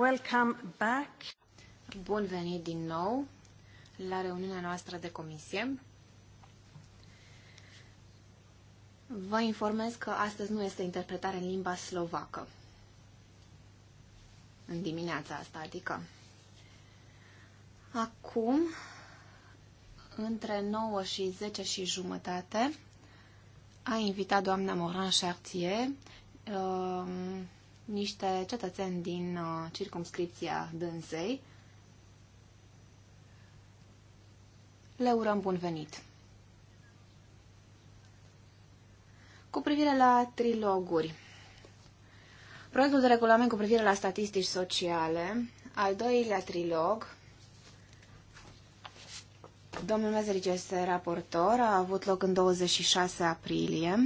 Welcome back. Bun venit din nou la reuniunea noastră de comisie. Vă informez că astăzi nu este interpretare în limba slovacă. În dimineața asta, adică. Acum, între 9 și 10 și jumătate, a invitat doamna Moran Chartier, uh, niște cetățeni din uh, circumscripția dânsei. Le urăm bun venit! Cu privire la triloguri, proiectul de regulament cu privire la statistici sociale, al doilea trilog, domnul Mezeric este raportor, a avut loc în 26 aprilie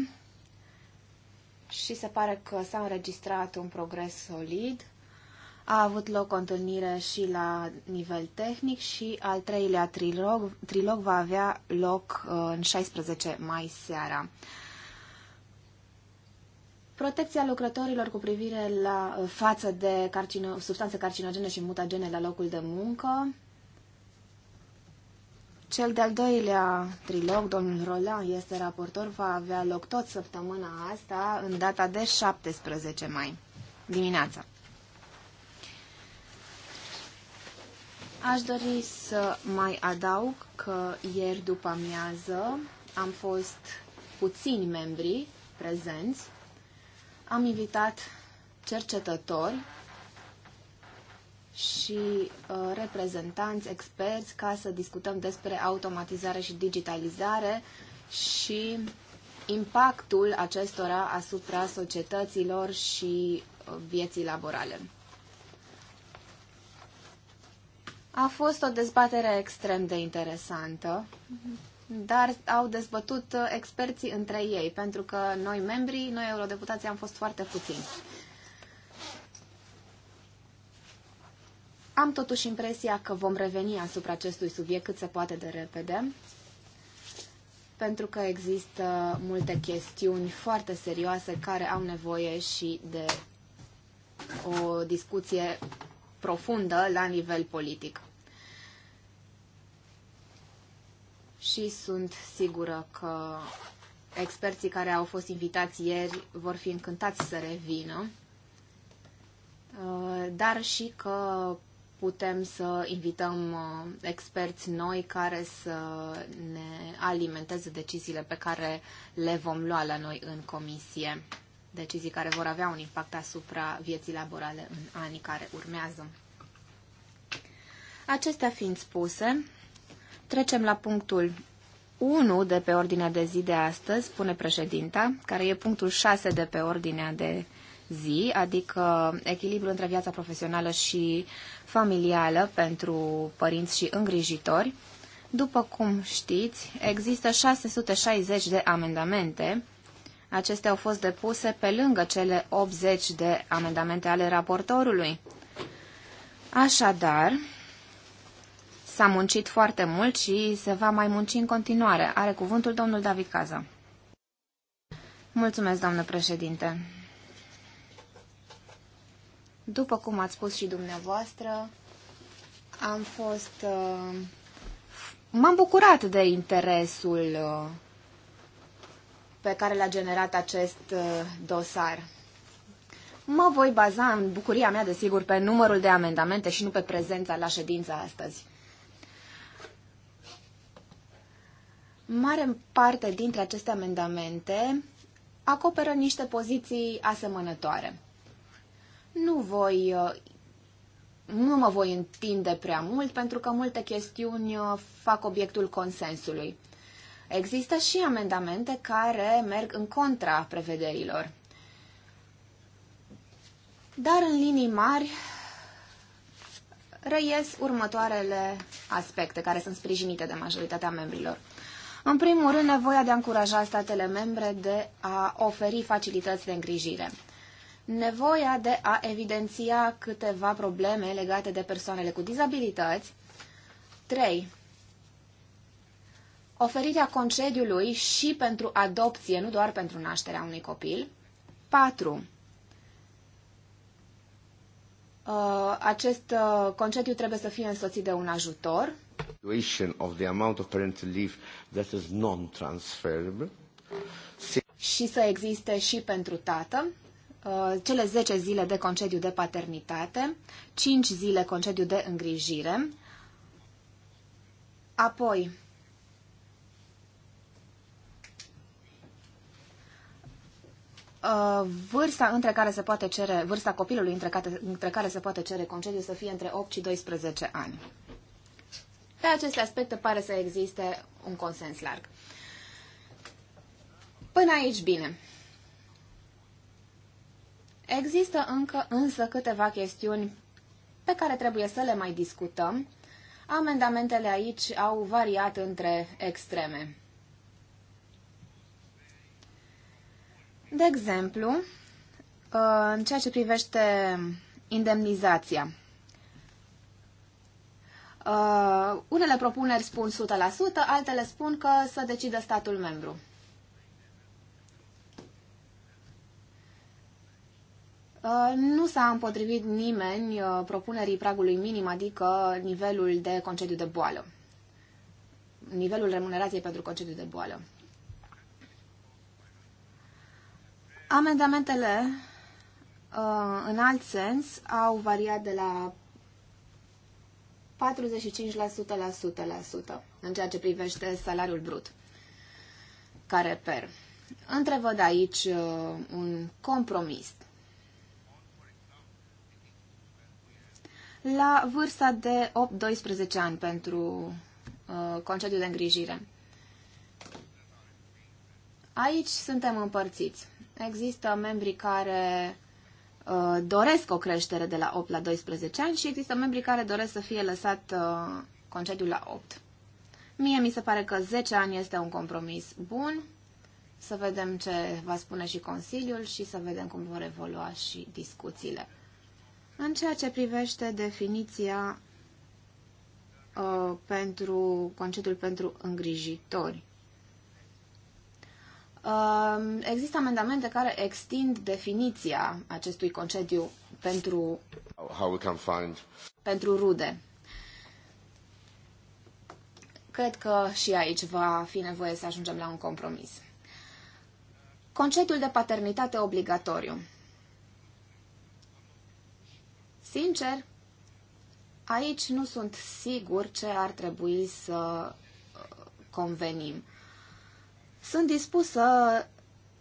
și se pare că s-a înregistrat un progres solid. A avut loc o întâlnire și la nivel tehnic și al treilea trilog, trilog va avea loc uh, în 16 mai seara. Protecția lucrătorilor cu privire la uh, față de carcino, substanțe carcinogene și mutagene la locul de muncă cel de-al doilea trilog, domnul Roland este raportor, va avea loc tot săptămâna asta, în data de 17 mai, dimineața. Aș dori să mai adaug că ieri după amiază am fost puțini membri prezenți. Am invitat cercetători și uh, reprezentanți, experți, ca să discutăm despre automatizare și digitalizare și impactul acestora asupra societăților și uh, vieții laborale. A fost o dezbatere extrem de interesantă, dar au dezbătut uh, experții între ei, pentru că noi membrii, noi eurodeputații am fost foarte puțini. Am totuși impresia că vom reveni asupra acestui subiect cât se poate de repede, pentru că există multe chestiuni foarte serioase care au nevoie și de o discuție profundă la nivel politic. Și sunt sigură că experții care au fost invitați ieri vor fi încântați să revină, uh, dar și că putem să invităm uh, experți noi care să ne alimenteze deciziile pe care le vom lua la noi în comisie, decizii care vor avea un impact asupra vieții laborale în anii care urmează. Acestea fiind spuse, trecem la punctul 1 de pe ordinea de zi de astăzi, spune președinta, care e punctul 6 de pe ordinea de zi zi, adică echilibru între viața profesională și familială pentru părinți și îngrijitori. După cum știți, există 660 de amendamente. Acestea au fost depuse pe lângă cele 80 de amendamente ale raportorului. Așadar, s-a muncit foarte mult și se va mai munci în continuare. Are cuvântul domnul David Caza. Mulțumesc, doamnă președinte. După cum ați spus și dumneavoastră, am fost... Uh, m-am bucurat de interesul uh, pe care l-a generat acest uh, dosar. Mă voi baza în bucuria mea, desigur, pe numărul de amendamente și nu pe prezența la ședința astăzi. Mare parte dintre aceste amendamente acoperă niște poziții asemănătoare. Nu voi uh, nu mă voi întinde prea mult pentru că multe chestiuni uh, fac obiectul consensului. Există și amendamente care merg în contra prevederilor. Dar în linii mari răies următoarele aspecte care sunt sprijinite de majoritatea membrilor. În primul rând, nevoia de a încuraja statele membre de a oferi facilități de îngrijire nevoia de a evidenția câteva probleme legate de persoanele cu dizabilități. 3. Oferirea concediului și pentru adopție, nu doar pentru nașterea unui copil. 4. Uh, acest uh, concediu trebuie să fie însoțit de un ajutor. Of the amount of parental leave that is non-transferable. Și să existe și pentru tată. Uh, cele 10 zile de concediu de paternitate, 5 zile concediu de îngrijire, apoi uh, vârsta între care se poate cere, vârsta copilului între care, între care se poate cere concediu să fie între 8 și 12 ani. Pe aceste aspecte pare să existe un consens larg. Până aici bine. Există încă însă câteva chestiuni pe care trebuie să le mai discutăm. Amendamentele aici au variat între extreme. De exemplu, în ceea ce privește indemnizația. Uh, unele propuneri spun 100%, altele spun că să decidă statul membru. Uh, nu s-a împotrivit nimeni uh, propunerii pragului minim, adică nivelul de concediu de boală, nivelul remunerației pentru concediu de boală. Amendamentele uh, în alt sens au variat de la 45% la 100%, la 100% în ceea ce privește salariul brut care per. Întrevăd aici un compromis la vârsta de 8-12 ani pentru uh, concediu de îngrijire. Aici suntem împărțiți. Există membrii care uh, doresc o creștere de la 8 la 12 ani și există membrii care doresc să fie lăsat uh, concediul la 8. Mie mi se pare că 10 ani este un compromis bun. Să vedem ce va spune și Consiliul și să vedem cum vor evolua și discuțiile. În ceea ce privește definiția uh, pentru concediul pentru îngrijitori, uh, există amendamente care extind definiția acestui concediu pentru, How we can find. pentru rude. Cred că și aici va fi nevoie să ajungem la un compromis. Concediul de paternitate obligatoriu. Sincer, aici nu sunt sigur ce ar trebui să uh, convenim. Sunt dispus să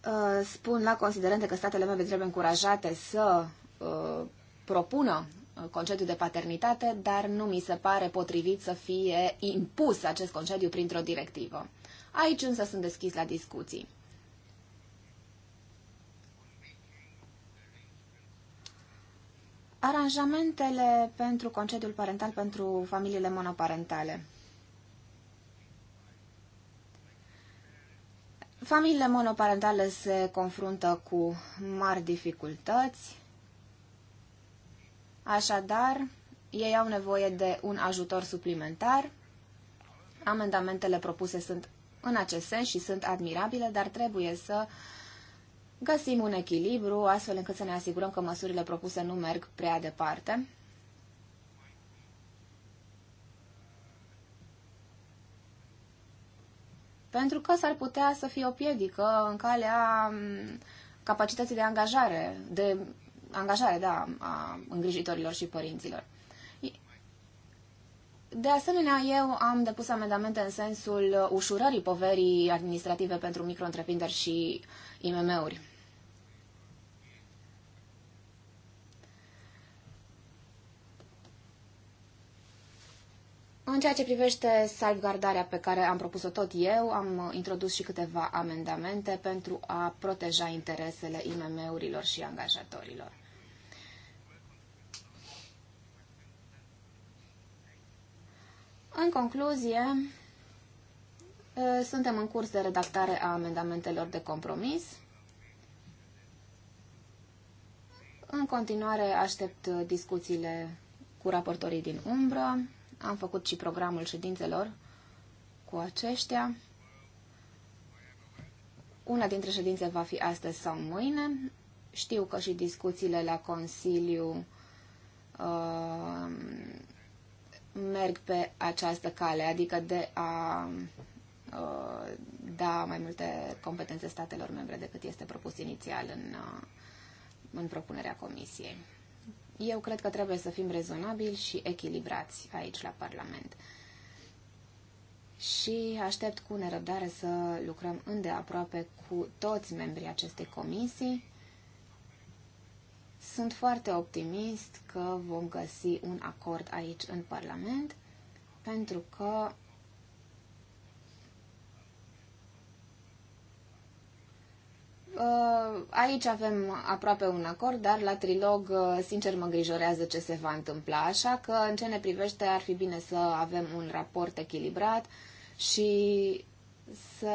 uh, spun la considerente că statele membre trebuie încurajate să uh, propună uh, concediu de paternitate, dar nu mi se pare potrivit să fie impus acest concediu printr-o directivă. Aici însă sunt deschis la discuții. Aranjamentele pentru concediul parental pentru familiile monoparentale. Familiile monoparentale se confruntă cu mari dificultăți, așadar, ei au nevoie de un ajutor suplimentar. Amendamentele propuse sunt în acest sens și sunt admirabile, dar trebuie să uh, găsim un echilibru astfel încât să ne asigurăm că măsurile propuse nu merg prea departe. Pentru că s-ar putea să fie o piedică în calea mm, capacității de angajare, de angajare, da, a îngrijitorilor și părinților. De asemenea, eu am depus amendamente în sensul ușurării poverii administrative pentru micro și IMM-uri. În ceea ce privește salvgardarea pe care am propus-o tot eu, am introdus și câteva amendamente pentru a proteja interesele IMM-urilor și angajatorilor. În concluzie, ă, suntem în curs de redactare a amendamentelor de compromis. În continuare aștept discuțiile cu raportorii din umbră. Am făcut și programul ședințelor cu aceștia. Una dintre ședințe va fi astăzi sau mâine. Știu că și discuțiile la Consiliu uh, merg pe această cale, adică de a uh, da mai multe competențe statelor membre decât este propus inițial în, uh, în propunerea Comisiei. Eu cred că trebuie să fim rezonabili și echilibrați aici la Parlament. Și aștept cu nerăbdare să lucrăm îndeaproape cu toți membrii acestei comisii. Sunt foarte optimist că vom găsi un acord aici în Parlament, pentru că Uh, aici avem aproape un acord, dar la trilog, uh, sincer, mă îngrijorează ce se va întâmpla, așa că, în ce ne privește, ar fi bine să avem un raport echilibrat și să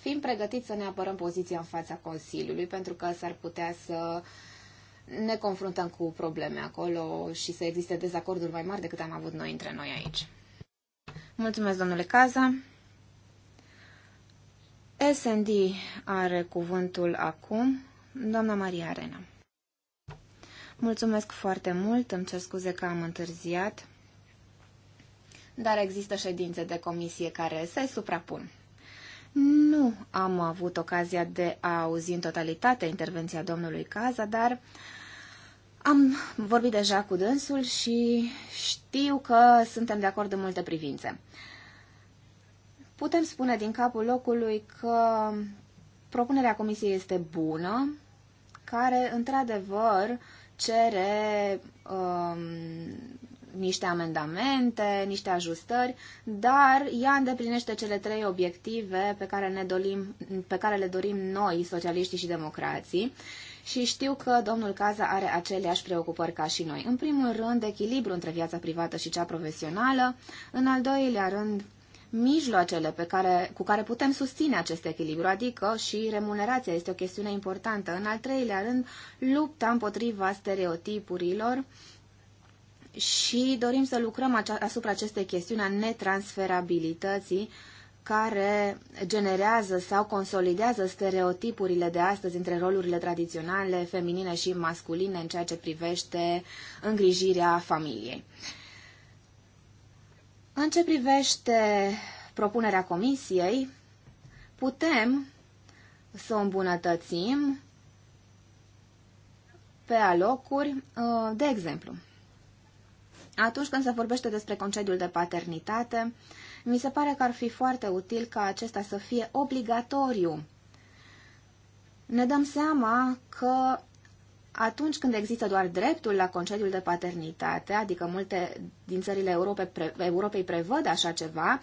fim pregătiți să ne apărăm poziția în fața Consiliului, pentru că s-ar putea să ne confruntăm cu probleme acolo și să existe dezacorduri mai mari decât am avut noi între noi aici. Mulțumesc, domnule Caza. SND are cuvântul acum, doamna Maria Arena. Mulțumesc foarte mult, îmi cer scuze că am întârziat, dar există ședințe de comisie care se suprapun. Nu am avut ocazia de a auzi în totalitate intervenția domnului Caza, dar am vorbit deja cu dânsul și știu că suntem de acord în multe privințe. Putem spune din capul locului că propunerea comisiei este bună, care într-adevăr cere um, niște amendamente, niște ajustări, dar ea îndeplinește cele trei obiective pe care, ne dorim, pe care le dorim noi, socialiștii și democrații. Și știu că domnul Caza are aceleași preocupări ca și noi. În primul rând, echilibru între viața privată și cea profesională, în al doilea rând, mijloacele pe care, cu care putem susține acest echilibru, adică și remunerația este o chestiune importantă. În al treilea rând, lupta împotriva stereotipurilor și dorim să lucrăm asupra acestei chestiuni a netransferabilității care generează sau consolidează stereotipurile de astăzi între rolurile tradiționale, feminine și masculine în ceea ce privește îngrijirea familiei. În ce privește propunerea comisiei, putem să o îmbunătățim pe alocuri, uh, de exemplu. Atunci când se vorbește despre concediul de paternitate, mi se pare că ar fi foarte util ca acesta să fie obligatoriu. Ne dăm seama că atunci când există doar dreptul la concediul de paternitate, adică multe din țările Europe, pre, Europei prevăd așa ceva,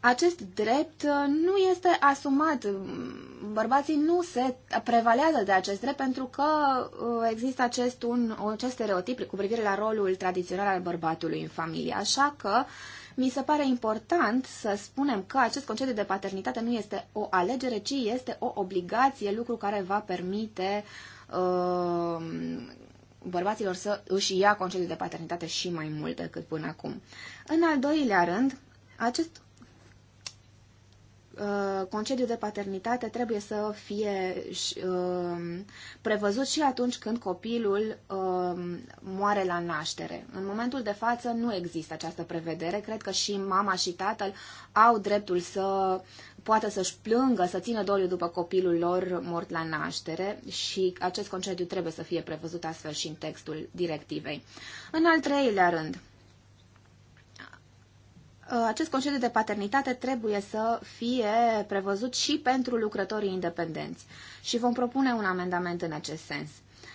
acest drept uh, nu este asumat. Bărbații nu se prevalează de acest drept pentru că uh, există acest, un, acest stereotip cu privire la rolul tradițional al bărbatului în familie. Așa că mi se pare important să spunem că acest concediu de paternitate nu este o alegere, ci este o obligație, lucru care va permite uh, Ehm, bărbaților să își ia concediu de paternitate și mai mult decât până acum. În al doilea rând, acest ehm, concediu de paternitate trebuie să fie ehm, prevăzut și atunci când copilul moare la naștere. În momentul de față nu există această prevedere. Cred că și mama și tatăl au dreptul să poată să-și plângă, să țină doliu după copilul lor mort la naștere și acest concediu trebuie să fie prevăzut astfel și în textul directivei. În al treilea rând, acest concediu de paternitate trebuie să fie prevăzut și pentru lucrătorii independenți și vom propune un amendament în acest sens.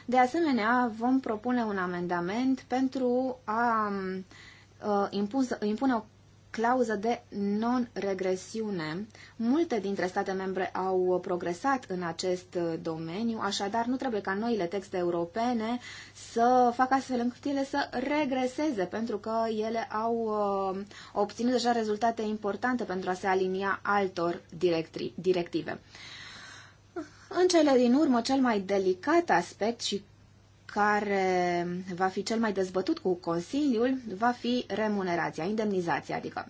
De asemenea, vom propune un amendament pentru a uh, impune o clauză de non-regresiune. Multe dintre state membre au progresat în acest domeniu, așadar nu trebuie ca noile texte europene să facă astfel încât ele să regreseze, pentru că ele au uh, obținut deja rezultate importante pentru a se alinia altor directive. În cele din urmă, cel mai delicat aspect și care va fi cel mai dezbătut cu Consiliul va fi remunerația, indemnizația, adică.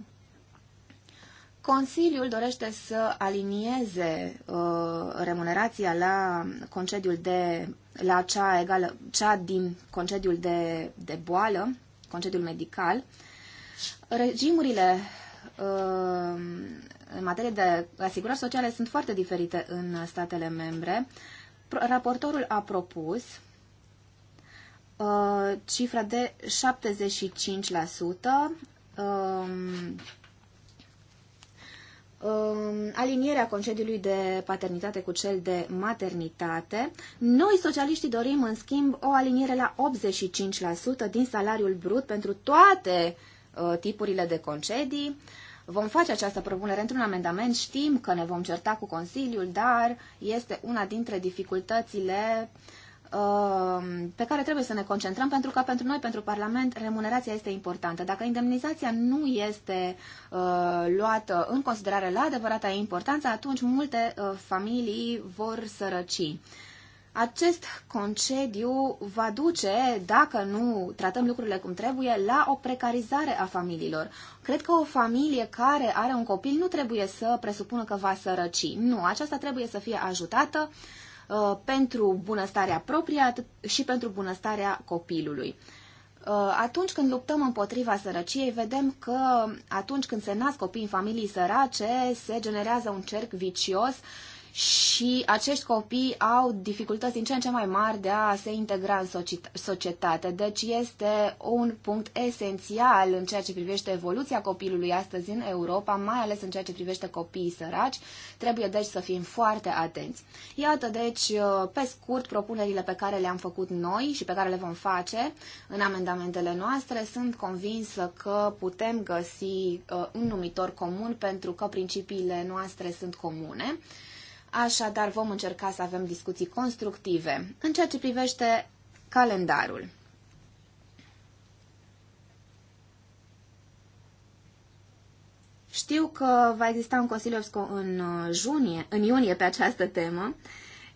Consiliul dorește să alinieze uh, remunerația la concediul de la cea egală, cea din concediul de, de boală, concediul medical. Regimurile uh, în materie de asigurări sociale sunt foarte diferite în statele membre. Raportorul a propus Uh, cifra de 75%, um, um, alinierea concediului de paternitate cu cel de maternitate. Noi, socialiștii, dorim, în schimb, o aliniere la 85% din salariul brut pentru toate uh, tipurile de concedii. Vom face această propunere într-un amendament. Știm că ne vom certa cu Consiliul, dar este una dintre dificultățile uh, Uh, pe care trebuie să ne concentrăm, pentru că pentru noi, pentru Parlament, remunerația este importantă. Dacă indemnizația nu este uh, luată în considerare la adevărata importanță, atunci multe uh, familii vor sărăci. Acest concediu va duce, dacă nu tratăm lucrurile cum trebuie, la o precarizare a familiilor. Cred că o familie care are un copil nu trebuie să presupună că va sărăci. Nu, aceasta trebuie să fie ajutată uh, Uh, pentru bunăstarea proprie și pentru bunăstarea copilului. Uh, atunci când luptăm împotriva sărăciei, vedem că atunci când se nasc copii în familii sărace, se generează un cerc vicios uh, și acești copii au dificultăți din ce în ce mai mari de a se integra în societate. Deci este un punct esențial în ceea ce privește evoluția copilului astăzi în Europa, mai ales în ceea ce privește copiii săraci. Trebuie deci să fim foarte atenți. Iată deci, uh, pe scurt, propunerile pe care le-am făcut noi și pe care le vom face în amendamentele noastre. Sunt convinsă că putem găsi uh, un numitor comun pentru că principiile noastre sunt comune. Așadar, vom încerca să avem discuții constructive în ceea ce privește calendarul. Știu că va exista un Consiliu în, uh, junie, în iunie pe această temă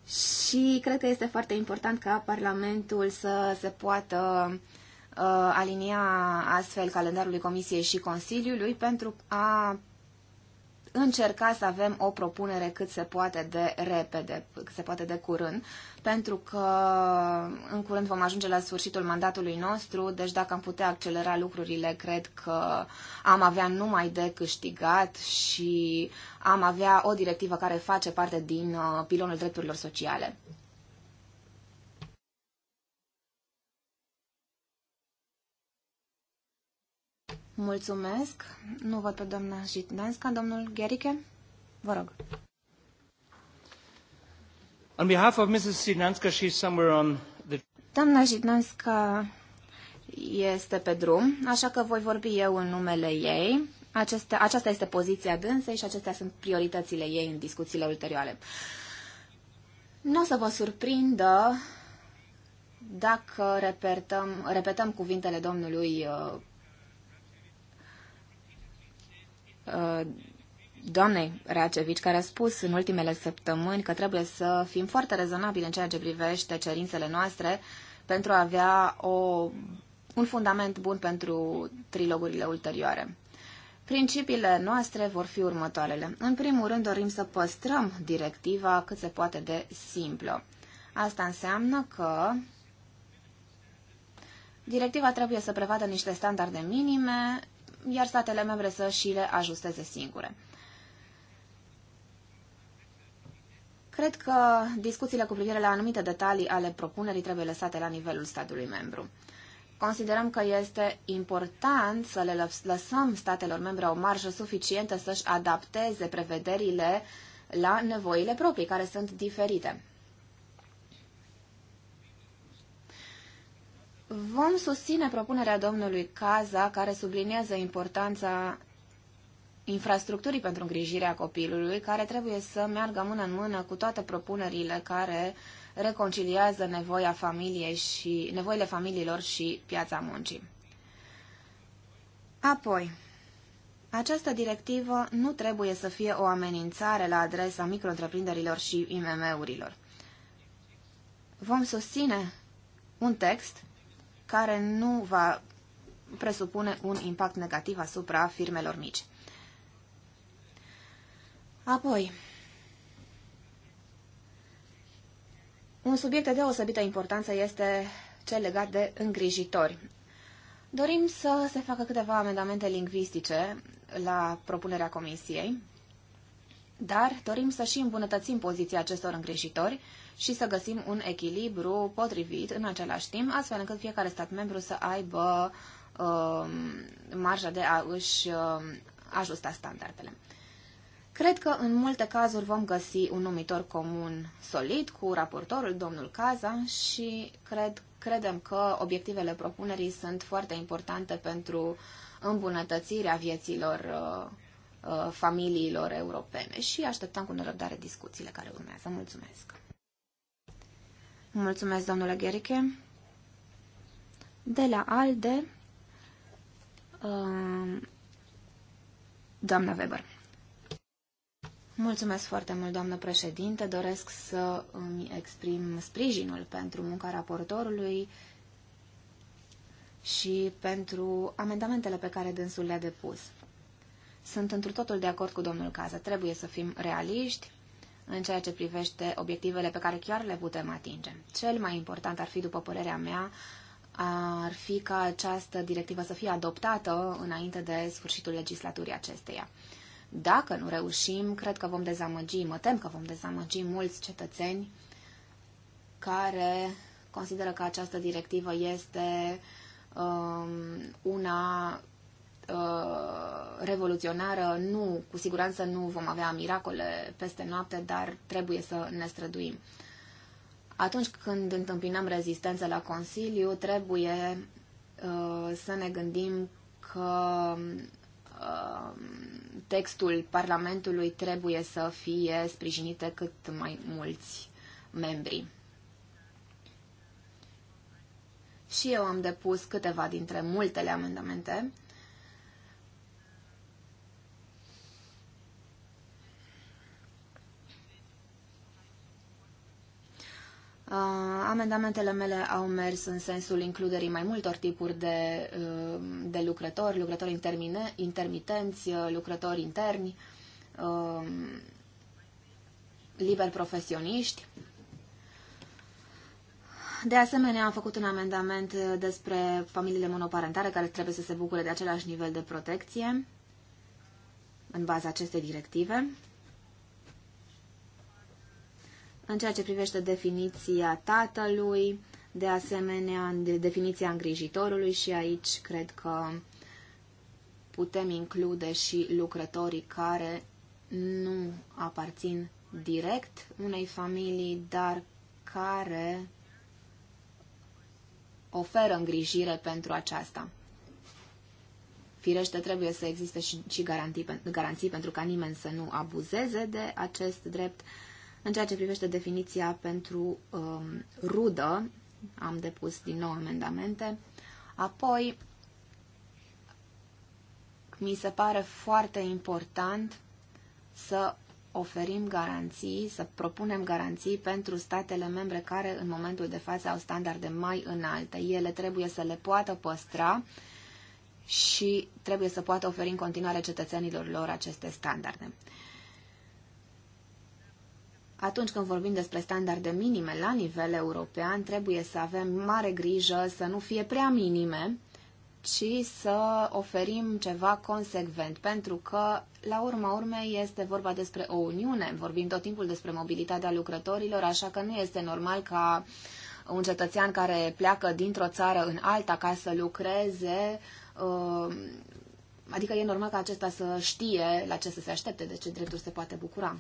și cred că este foarte important ca Parlamentul să se poată uh, alinia astfel calendarului Comisiei și Consiliului pentru a încerca să avem o propunere cât se poate de repede, cât se poate de curând, pentru că în curând vom ajunge la sfârșitul mandatului nostru, deci dacă am putea accelera lucrurile, cred că am avea numai de câștigat și am avea o directivă care face parte din uh, pilonul drepturilor sociale. Mulțumesc. Nu văd pe doamna Jitnanska. Domnul Gherike, vă rog. On behalf of Mrs. Jitnanska, she's somewhere on the... Doamna Jitnanska este pe drum, așa că voi vorbi eu în numele ei. Aceste, aceasta este poziția dânsei și acestea sunt prioritățile ei în discuțiile ulterioare. Nu o să vă surprindă dacă repetăm, repetăm cuvintele domnului uh, doamnei Racevici, care a spus în ultimele săptămâni că trebuie să fim foarte rezonabili în ceea ce privește cerințele noastre pentru a avea o, un fundament bun pentru trilogurile ulterioare. Principiile noastre vor fi următoarele. În primul rând, dorim să păstrăm directiva cât se poate de simplă. Asta înseamnă că directiva trebuie să prevadă niște standarde minime iar statele membre să și le ajusteze singure. Cred că discuțiile cu privire la anumite detalii ale propunerii trebuie lăsate la nivelul statului membru. Considerăm că este important să le lăsăm statelor membre o marjă suficientă să-și adapteze prevederile la nevoile proprii, care sunt diferite. Vom susține propunerea domnului Caza, care subliniază importanța infrastructurii pentru îngrijirea copilului, care trebuie să meargă mână în mână cu toate propunerile care reconciliază nevoia familiei și nevoile familiilor și piața muncii. Apoi, această directivă nu trebuie să fie o amenințare la adresa micro și IMM-urilor. Vom susține un text care nu va presupune un impact negativ asupra firmelor mici. Apoi, un subiect de deosebită importanță este cel legat de îngrijitori. Dorim să se facă câteva amendamente lingvistice la propunerea comisiei, dar dorim să și îmbunătățim poziția acestor îngrijitori și să găsim un echilibru potrivit în același timp, astfel încât fiecare stat membru să aibă uh, marja de a își uh, ajusta standardele. Cred că în multe cazuri vom găsi un numitor comun solid cu raportorul, domnul Caza, și cred, credem că obiectivele propunerii sunt foarte importante pentru îmbunătățirea vieților uh, uh, familiilor europene și așteptăm cu nerăbdare discuțiile care urmează. Mulțumesc! Mulțumesc, domnule Gheriche. De la ALDE, um, doamna Weber. Mulțumesc foarte mult, doamnă președinte. Doresc să îmi exprim sprijinul pentru munca raportorului și pentru amendamentele pe care dânsul le-a depus. Sunt întru totul de acord cu domnul Caza. Trebuie să fim realiști, în ceea ce privește obiectivele pe care chiar le putem atinge. Cel mai important ar fi, după părerea mea, ar fi ca această directivă să fie adoptată înainte de sfârșitul legislaturii acesteia. Dacă nu reușim, cred că vom dezamăgi, mă tem că vom dezamăgi mulți cetățeni care consideră că această directivă este um, una Uh, revoluționară, nu, cu siguranță nu vom avea miracole peste noapte, dar trebuie să ne străduim. Atunci când întâmpinăm rezistență la Consiliu, trebuie uh, să ne gândim că uh, textul Parlamentului trebuie să fie sprijinite cât mai mulți membri. Și eu am depus câteva dintre multele amendamente Uh, amendamentele mele au mers în sensul includerii mai multor tipuri de, uh, de lucrători, lucrători intermine, intermitenți, uh, lucrători interni, uh, liber profesioniști. De asemenea, am făcut un amendament despre familiile monoparentare care trebuie să se bucure de același nivel de protecție în baza acestei directive în ceea ce privește definiția tatălui, de asemenea definiția îngrijitorului și aici cred că putem include și lucrătorii care nu aparțin direct unei familii, dar care oferă îngrijire pentru aceasta. Firește, trebuie să existe și, și garanții pentru ca nimeni să nu abuzeze de acest drept. Uh, în ceea ce privește definiția pentru um, rudă, am depus din nou amendamente. Apoi, mi se pare foarte important să oferim garanții, să propunem garanții pentru statele membre care în momentul de față au standarde mai înalte. Ele trebuie să le poată păstra și trebuie să poată oferi în continuare cetățenilor lor aceste standarde atunci când vorbim despre standarde minime la nivel european, trebuie să avem mare grijă să nu fie prea minime, ci să oferim ceva consecvent, pentru că, la urma urmei, este vorba despre o uniune. Vorbim tot timpul despre mobilitatea lucrătorilor, așa că nu este normal ca un cetățean care pleacă dintr-o țară în alta ca să lucreze, uh, adică e normal ca acesta să știe la ce să se aștepte, de ce drepturi se poate bucura.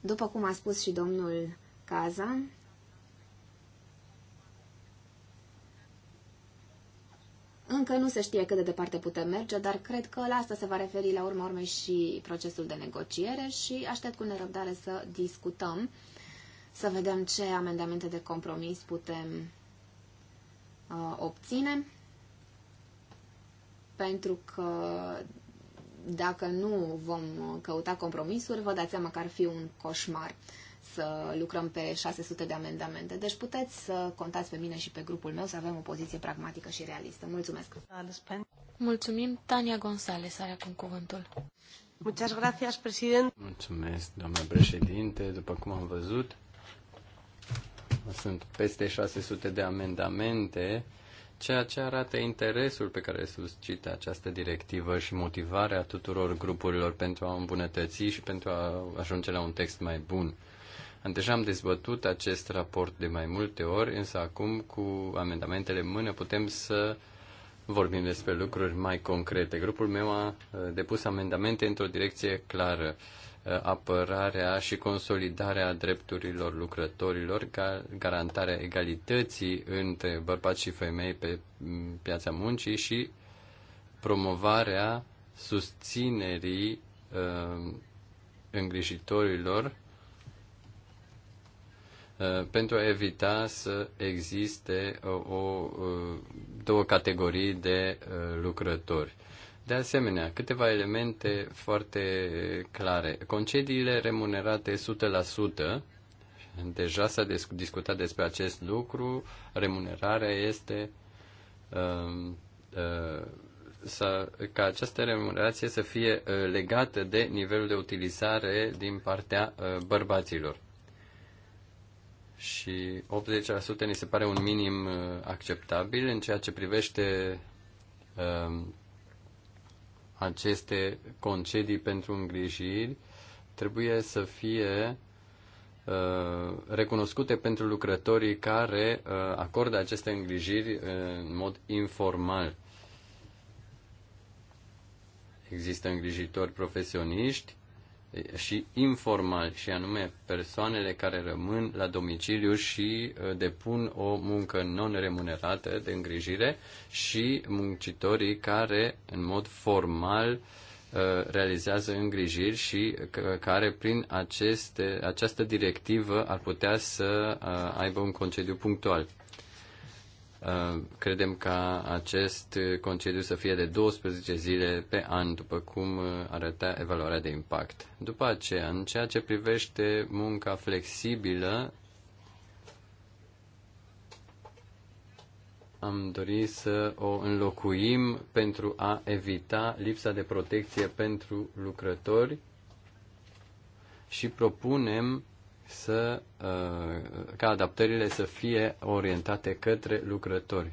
După cum a spus și domnul Kazan, încă nu se știe cât de departe putem merge, dar cred că la asta se va referi la urma urmei și procesul de negociere și aștept cu nerăbdare să discutăm, să vedem ce amendamente de compromis putem uh, obține, pentru că dacă nu vom căuta compromisuri, vă dați seama că ar fi un coșmar să lucrăm pe 600 de amendamente. Deci puteți să contați pe mine și pe grupul meu să avem o poziție pragmatică și realistă. Mulțumesc! Mulțumim! Tania González are acum cuvântul. Muchas gracias, Mulțumesc, doamna președinte. După cum am văzut, sunt peste 600 de amendamente ceea ce arată interesul pe care suscită această directivă și motivarea tuturor grupurilor pentru a îmbunătăți și pentru a ajunge la un text mai bun. Am deja am dezbătut acest raport de mai multe ori, însă acum cu amendamentele în mână putem să vorbim despre lucruri mai concrete. Grupul meu a uh, depus amendamente într-o direcție clară apărarea și consolidarea drepturilor lucrătorilor, garantarea egalității între bărbați și femei pe piața muncii și promovarea susținerii uh, îngrijitorilor uh, pentru a evita să existe uh, o, două categorii de lucrători. De asemenea, câteva elemente foarte clare. Concediile remunerate 100%, deja s-a discutat despre acest lucru, remunerarea este um, uh, uh, să, ca această remunerație să fie uh, legată de nivelul de utilizare din partea uh, bărbaților. Și 80% ni se pare un minim uh, acceptabil în ceea ce privește uh, aceste concedii pentru îngrijiri trebuie să fie uh, recunoscute pentru lucrătorii care uh, acordă aceste îngrijiri uh, în mod informal. Există îngrijitori profesioniști și informal, și anume persoanele care rămân la domiciliu și uh, depun o muncă non-remunerată de îngrijire și muncitorii care, în mod formal, uh, realizează îngrijiri și uh, care, prin aceste, această directivă, ar putea să aibă un concediu punctual. Credem ca acest concediu să fie de 12 zile pe an, după cum arăta evaluarea de impact. După aceea, în ceea ce privește munca flexibilă, am dorit să o înlocuim pentru a evita lipsa de protecție pentru lucrători și propunem să, uh, ca adaptările să fie orientate către lucrători.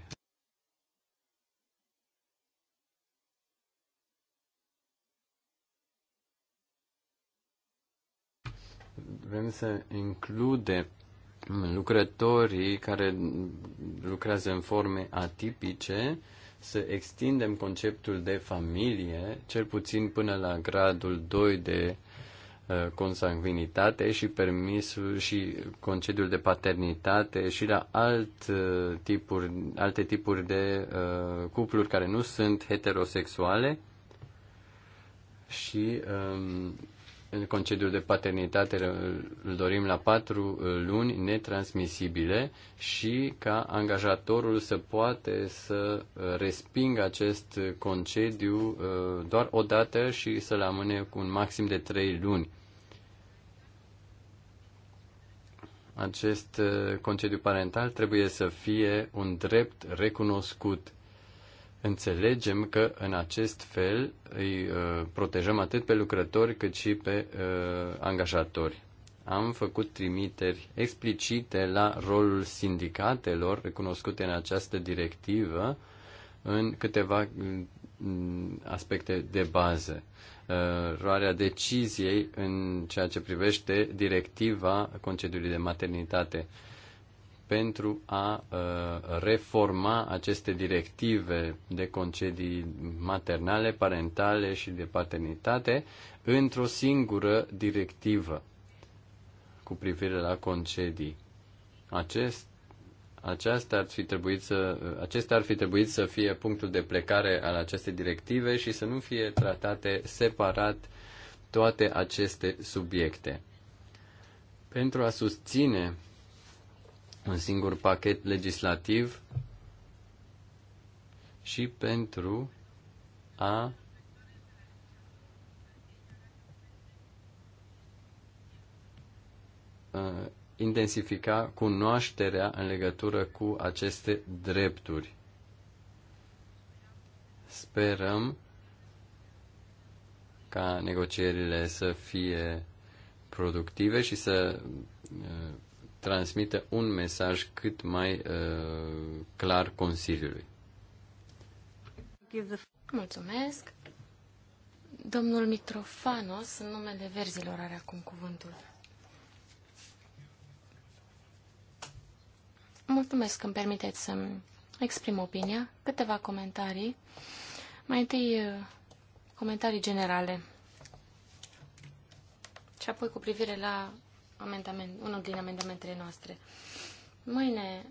Vrem să include lucrătorii care lucrează în forme atipice, să extindem conceptul de familie, cel puțin până la gradul 2 de uh, Uh, consanguinitate și permisul și concediul de paternitate și la alt uh, tipuri, alte tipuri de uh, cupluri care nu sunt heterosexuale și um, concediul de paternitate îl dorim la patru uh, luni netransmisibile și ca angajatorul să poate să uh, respingă acest concediu uh, doar o dată și să-l amâne cu un maxim de trei luni. Acest concediu parental trebuie să fie un drept recunoscut înțelegem că în acest fel îi uh, protejăm atât pe lucrători cât și pe uh, angajatori. Am făcut trimiteri explicite la rolul sindicatelor recunoscute în această directivă în câteva mm, aspecte de bază. Roarea uh, deciziei în ceea ce privește directiva concediului de maternitate pentru a uh, reforma aceste directive de concedii maternale, parentale și de paternitate într-o singură directivă cu privire la concedii. Acest, aceasta ar fi trebuit să, uh, acesta ar fi trebuit să fie punctul de plecare al acestei directive și să nu fie tratate separat toate aceste subiecte. Pentru a susține un singur pachet legislativ și pentru a intensifica cunoașterea în legătură cu aceste drepturi. Sperăm ca negocierile să fie productive și să transmită un mesaj cât mai uh, clar Consiliului. Mulțumesc. Domnul Mitrofanos, în numele verzilor, are acum cuvântul. Mulțumesc că îmi permiteți să-mi exprim opinia. Câteva comentarii. Mai întâi uh, comentarii generale. Și apoi cu privire la amendament, unul din amendamentele noastre. Mâine,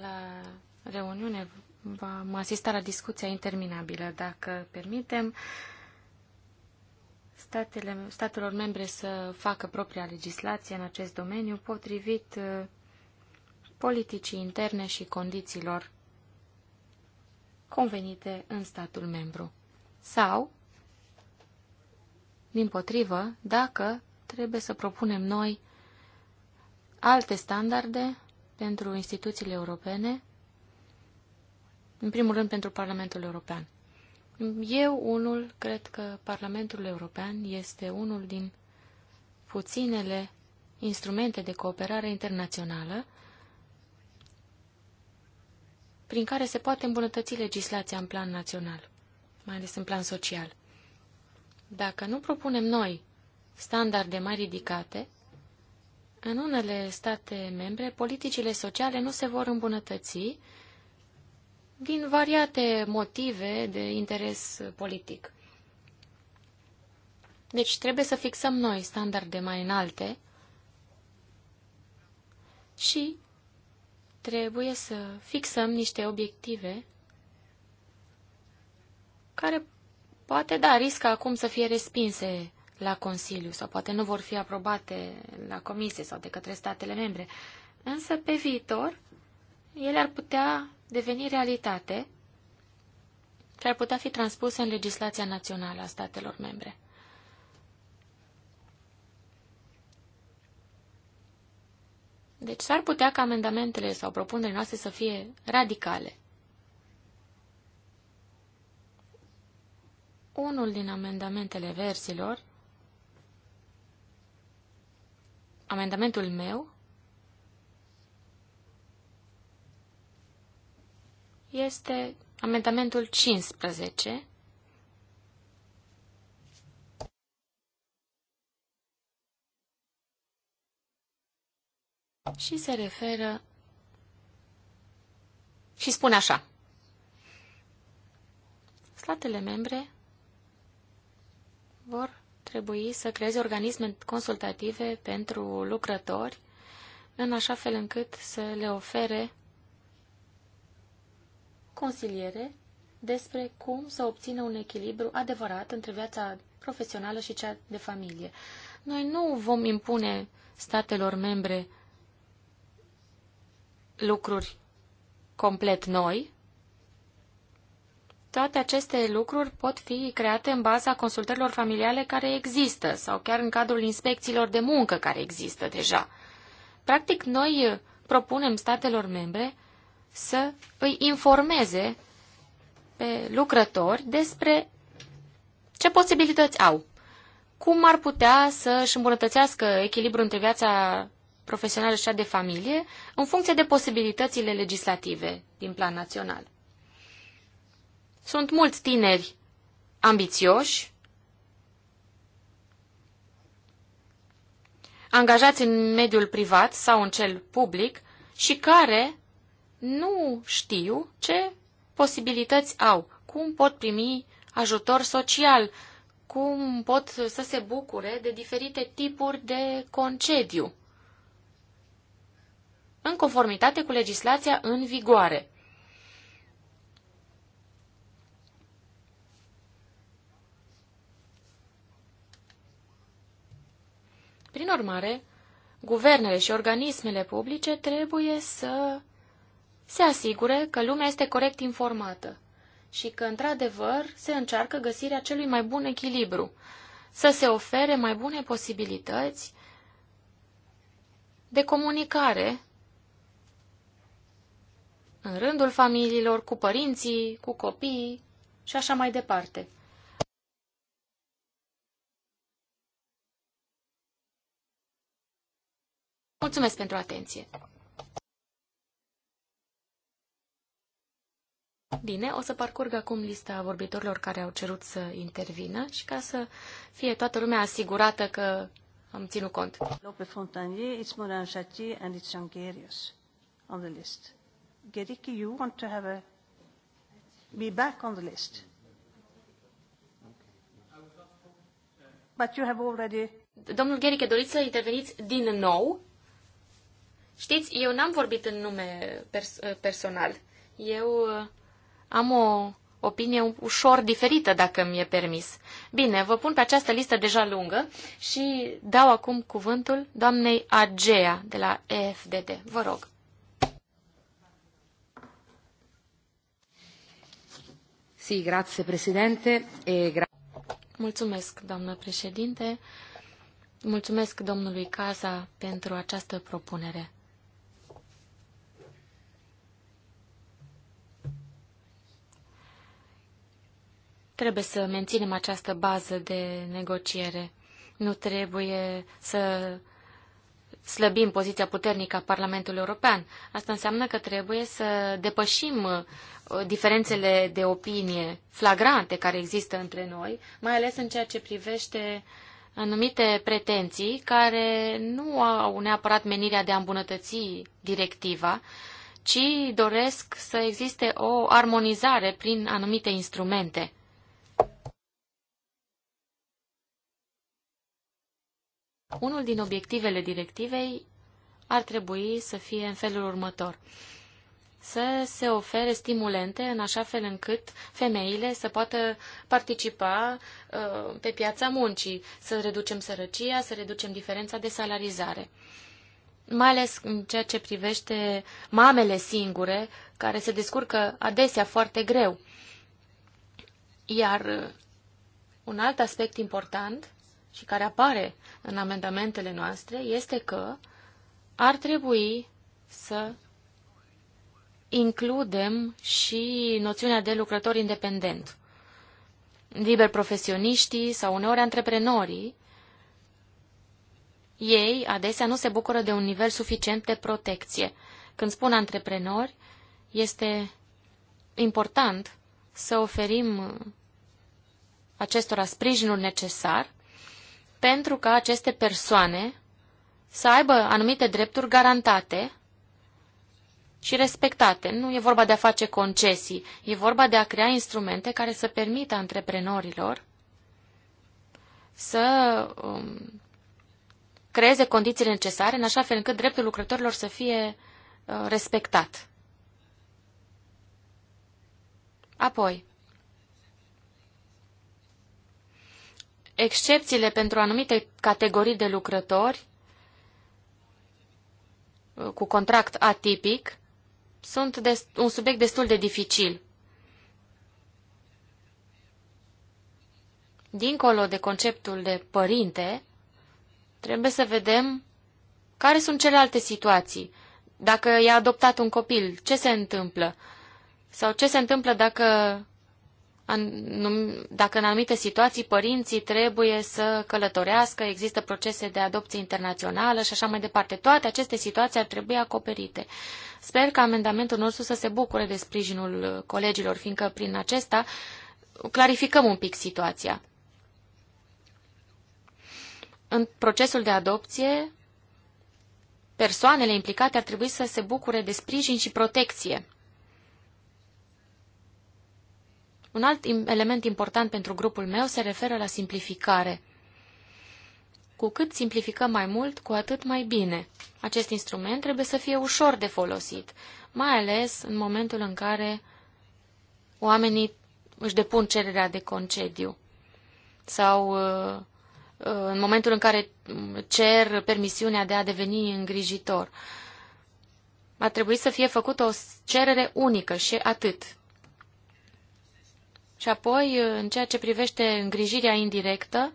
la reuniune, vom asista la discuția interminabilă, dacă permitem statele, statelor membre să facă propria legislație în acest domeniu potrivit uh, politicii interne și condițiilor convenite în statul membru. Sau, din potrivă, dacă trebuie să propunem noi alte standarde pentru instituțiile europene, în primul rând pentru Parlamentul European. Eu, unul, cred că Parlamentul European este unul din puținele instrumente de cooperare internațională prin care se poate îmbunătăți legislația în plan național, mai ales în plan social. Dacă nu propunem noi standarde mai ridicate, în unele state membre, politicile sociale nu se vor îmbunătăți din variate motive de interes politic. Deci trebuie să fixăm noi standarde mai înalte și trebuie să fixăm niște obiective care poate, da, risca acum să fie respinse la Consiliu sau poate nu vor fi aprobate la Comisie sau de către statele membre. Însă, pe viitor, ele ar putea deveni realitate și ar putea fi transpuse în legislația națională a statelor membre. Deci s-ar putea ca amendamentele sau propunerile noastre să fie radicale. Unul din amendamentele versilor amendamentul meu este amendamentul 15 și se referă și spune așa. Statele membre vor trebui să creeze organisme consultative pentru lucrători, în așa fel încât să le ofere consiliere despre cum să obțină un echilibru adevărat între viața profesională și cea de familie. Noi nu vom impune statelor membre lucruri complet noi, toate aceste lucruri pot fi create în baza consultărilor familiale care există sau chiar în cadrul inspecțiilor de muncă care există deja. Practic, noi propunem statelor membre să îi informeze pe lucrători despre ce posibilități au, cum ar putea să își îmbunătățească echilibrul între viața profesională și a de familie în funcție de posibilitățile legislative din plan național. Sunt mulți tineri ambițioși, angajați în mediul privat sau în cel public și care nu știu ce posibilități au, cum pot primi ajutor social, cum pot să se bucure de diferite tipuri de concediu, în conformitate cu legislația în vigoare. Prin urmare, guvernele și organismele publice trebuie să se asigure că lumea este corect informată și că, într-adevăr, se încearcă găsirea celui mai bun echilibru, să se ofere mai bune posibilități de comunicare în rândul familiilor, cu părinții, cu copiii și așa mai departe. Mulțumesc pentru atenție! Bine, o să parcurg acum lista vorbitorilor care au cerut să intervină și ca să fie toată lumea asigurată că am ținut cont. Lope Fontanier, it's Shachi and it's on the list. Gerike, you want to have a... be back on the list. But you have already... Domnul Gerike, doriți să interveniți din nou? Știți, eu n-am vorbit în nume pers- personal. Eu uh, am o opinie ușor diferită, dacă mi-e permis. Bine, vă pun pe această listă deja lungă și dau acum cuvântul doamnei Agea de la EFDD. Vă rog. Sí, grazie, Presidente E gra- Mulțumesc, doamnă președinte. Mulțumesc domnului Casa pentru această propunere. Trebuie să menținem această bază de negociere. Nu trebuie să slăbim poziția puternică a Parlamentului European. Asta înseamnă că trebuie să depășim uh, diferențele de opinie flagrante care există între noi, mai ales în ceea ce privește anumite pretenții care nu au neapărat menirea de a îmbunătăți directiva, ci doresc să existe o armonizare prin anumite instrumente. Unul din obiectivele directivei ar trebui să fie în felul următor. Să se ofere stimulente în așa fel încât femeile să poată participa uh, pe piața muncii, să reducem sărăcia, să reducem diferența de salarizare. Mai ales în ceea ce privește mamele singure, care se descurcă adesea foarte greu. Iar uh, un alt aspect important și care apare în amendamentele noastre este că ar trebui să includem și noțiunea de lucrător independent. Liber profesioniștii sau uneori antreprenorii, ei adesea nu se bucură de un nivel suficient de protecție. Când spun antreprenori, este important să oferim acestora sprijinul necesar pentru ca aceste persoane să aibă anumite drepturi garantate și respectate. Nu e vorba de a face concesii, e vorba de a crea instrumente care să permită antreprenorilor să um, creeze condițiile necesare în așa fel încât dreptul lucrătorilor să fie uh, respectat. Apoi, excepțiile pentru anumite categorii de lucrători cu contract atipic sunt un subiect destul de dificil. Dincolo de conceptul de părinte, trebuie să vedem care sunt celelalte situații. Dacă i-a adoptat un copil, ce se întâmplă? Sau ce se întâmplă dacă dacă în anumite situații părinții trebuie să călătorească, există procese de adopție internațională și așa mai departe. Toate aceste situații ar trebui acoperite. Sper că amendamentul nostru să se bucure de sprijinul colegilor, fiindcă prin acesta clarificăm un pic situația. În procesul de adopție, persoanele implicate ar trebui să se bucure de sprijin și protecție. Un alt element important pentru grupul meu se referă la simplificare. Cu cât simplificăm mai mult, cu atât mai bine. Acest instrument trebuie să fie ușor de folosit, mai ales în momentul în care oamenii își depun cererea de concediu sau uh, uh, în momentul în care cer permisiunea de a deveni îngrijitor. Ar trebui să fie făcută o cerere unică și atât. Și apoi, în ceea ce privește îngrijirea indirectă,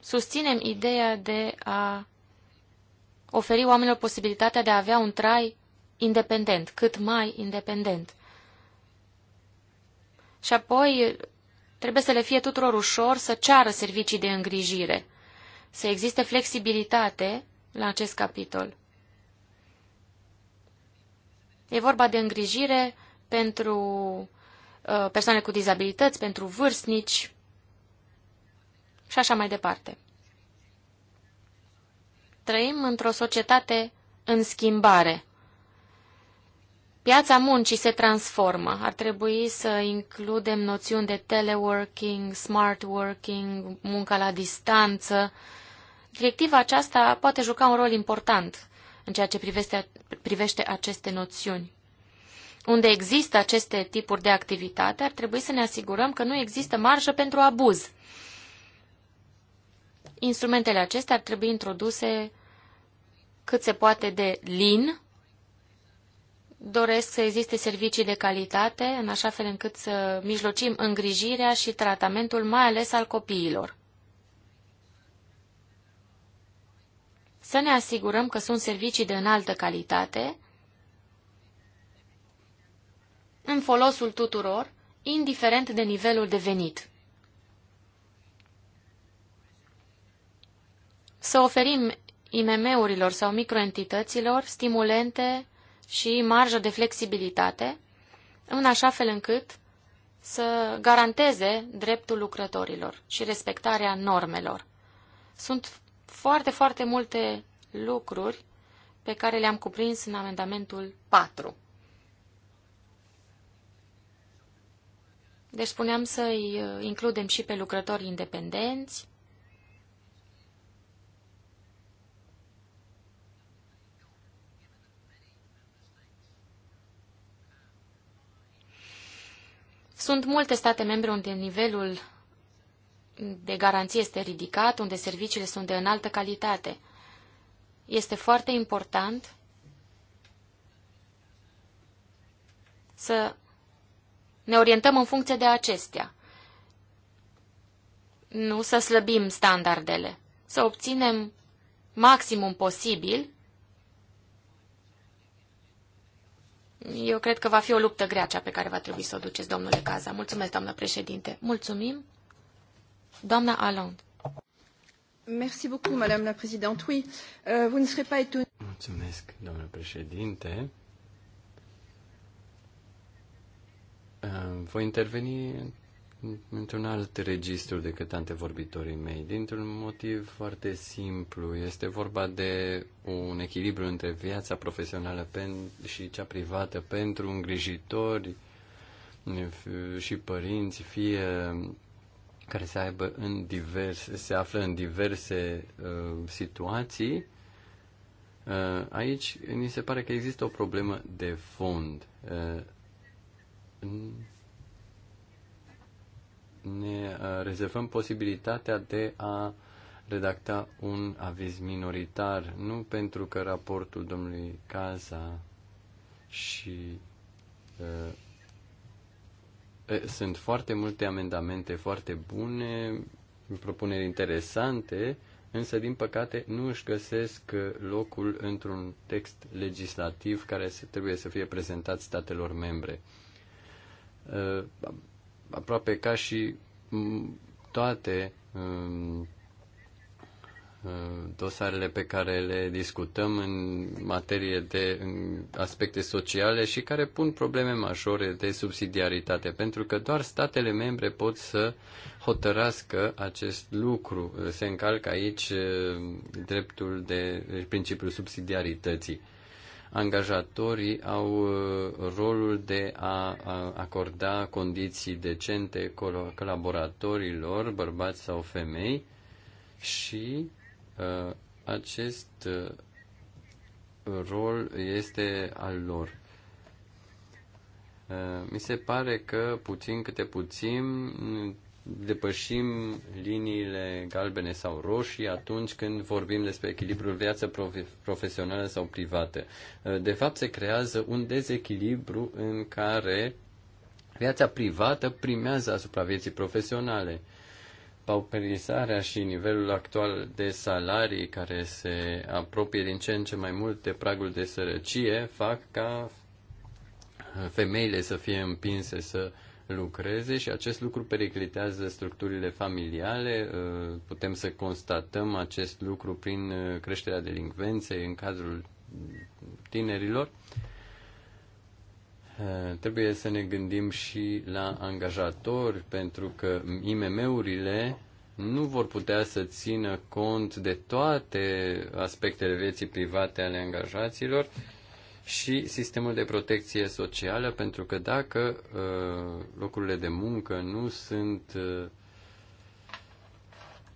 susținem ideea de a oferi oamenilor posibilitatea de a avea un trai independent, cât mai independent. Și apoi, trebuie să le fie tuturor ușor să ceară servicii de îngrijire, să existe flexibilitate la acest capitol. E vorba de îngrijire pentru Uh, persoane cu dizabilități, pentru vârstnici și așa mai departe. Trăim într-o societate în schimbare. Piața muncii se transformă. Ar trebui să includem noțiuni de teleworking, smart working, munca la distanță. Directiva aceasta poate juca un rol important în ceea ce privește, privește aceste noțiuni unde există aceste tipuri de activitate, ar trebui să ne asigurăm că nu există marjă pentru abuz. Instrumentele acestea ar trebui introduse cât se poate de lin. Doresc să existe servicii de calitate, în așa fel încât să mijlocim îngrijirea și tratamentul, mai ales al copiilor. Să ne asigurăm că sunt servicii de înaltă calitate, în folosul tuturor, indiferent de nivelul de venit. Să oferim IMM-urilor sau microentităților stimulente și marjă de flexibilitate, în așa fel încât să garanteze dreptul lucrătorilor și respectarea normelor. Sunt foarte, foarte multe lucruri pe care le-am cuprins în amendamentul 4. Deci spuneam să-i uh, includem și pe lucrători independenți. Sunt multe state membre unde nivelul de garanție este ridicat, unde serviciile sunt de înaltă calitate. Este foarte important să ne orientăm în funcție de acestea. Nu să slăbim standardele, să obținem maximum posibil. Eu cred că va fi o luptă grea cea pe care va trebui să o duceți, domnule Caza. Mulțumesc, doamnă președinte. Mulțumim. Doamna Alon. Merci beaucoup, madame la présidente. Oui, euh, vous ne serez pas étonnée. Mulțumesc, doamnă președinte. Ehm, voi interveni într-un alt registru decât antevorbitorii mei, dintr-un motiv foarte simplu. Este vorba de un echilibru între viața profesională și cea privată pentru îngrijitori și părinți, fie care se, aibă în diverse, se află în diverse uh, situații. Uh, aici mi se pare că există o problemă de fond. Uh, ne uh, rezervăm posibilitatea de a redacta un aviz minoritar, nu pentru că raportul domnului Caza și uh, sunt foarte multe amendamente foarte bune, propuneri interesante, însă din păcate nu își găsesc locul într-un text legislativ care trebuie să fie prezentat statelor membre. Uh, aproape ca și toate um, uh, dosarele pe care le discutăm în materie de în aspecte sociale și care pun probleme majore de subsidiaritate, pentru că doar statele membre pot să hotărască acest lucru. Se încalcă aici uh, dreptul de principiul subsidiarității angajatorii au uh, rolul de a acorda condiții decente colaboratorilor, bărbați sau femei, și uh, acest uh, rol este al lor. Mi se pare că puțin câte puțin depășim liniile galbene sau roșii atunci când vorbim despre echilibrul viață profesională sau privată. Uh, de fapt, se creează un dezechilibru în care viața privată primează asupra vieții profesionale. Pauperizarea și nivelul actual de salarii care se apropie din ce în ce mai mult de pragul de sărăcie fac ca femeile să fie împinse să uh, lucreze și acest lucru periclitează structurile familiale. Uh, putem să constatăm acest lucru prin uh, creșterea delincvenței în cadrul tinerilor. Uh, trebuie să ne gândim și la angajatori, pentru că IMM-urile nu vor putea să țină cont de toate aspectele vieții private ale angajaților și sistemul de protecție socială, pentru că dacă uh, locurile de muncă nu sunt uh,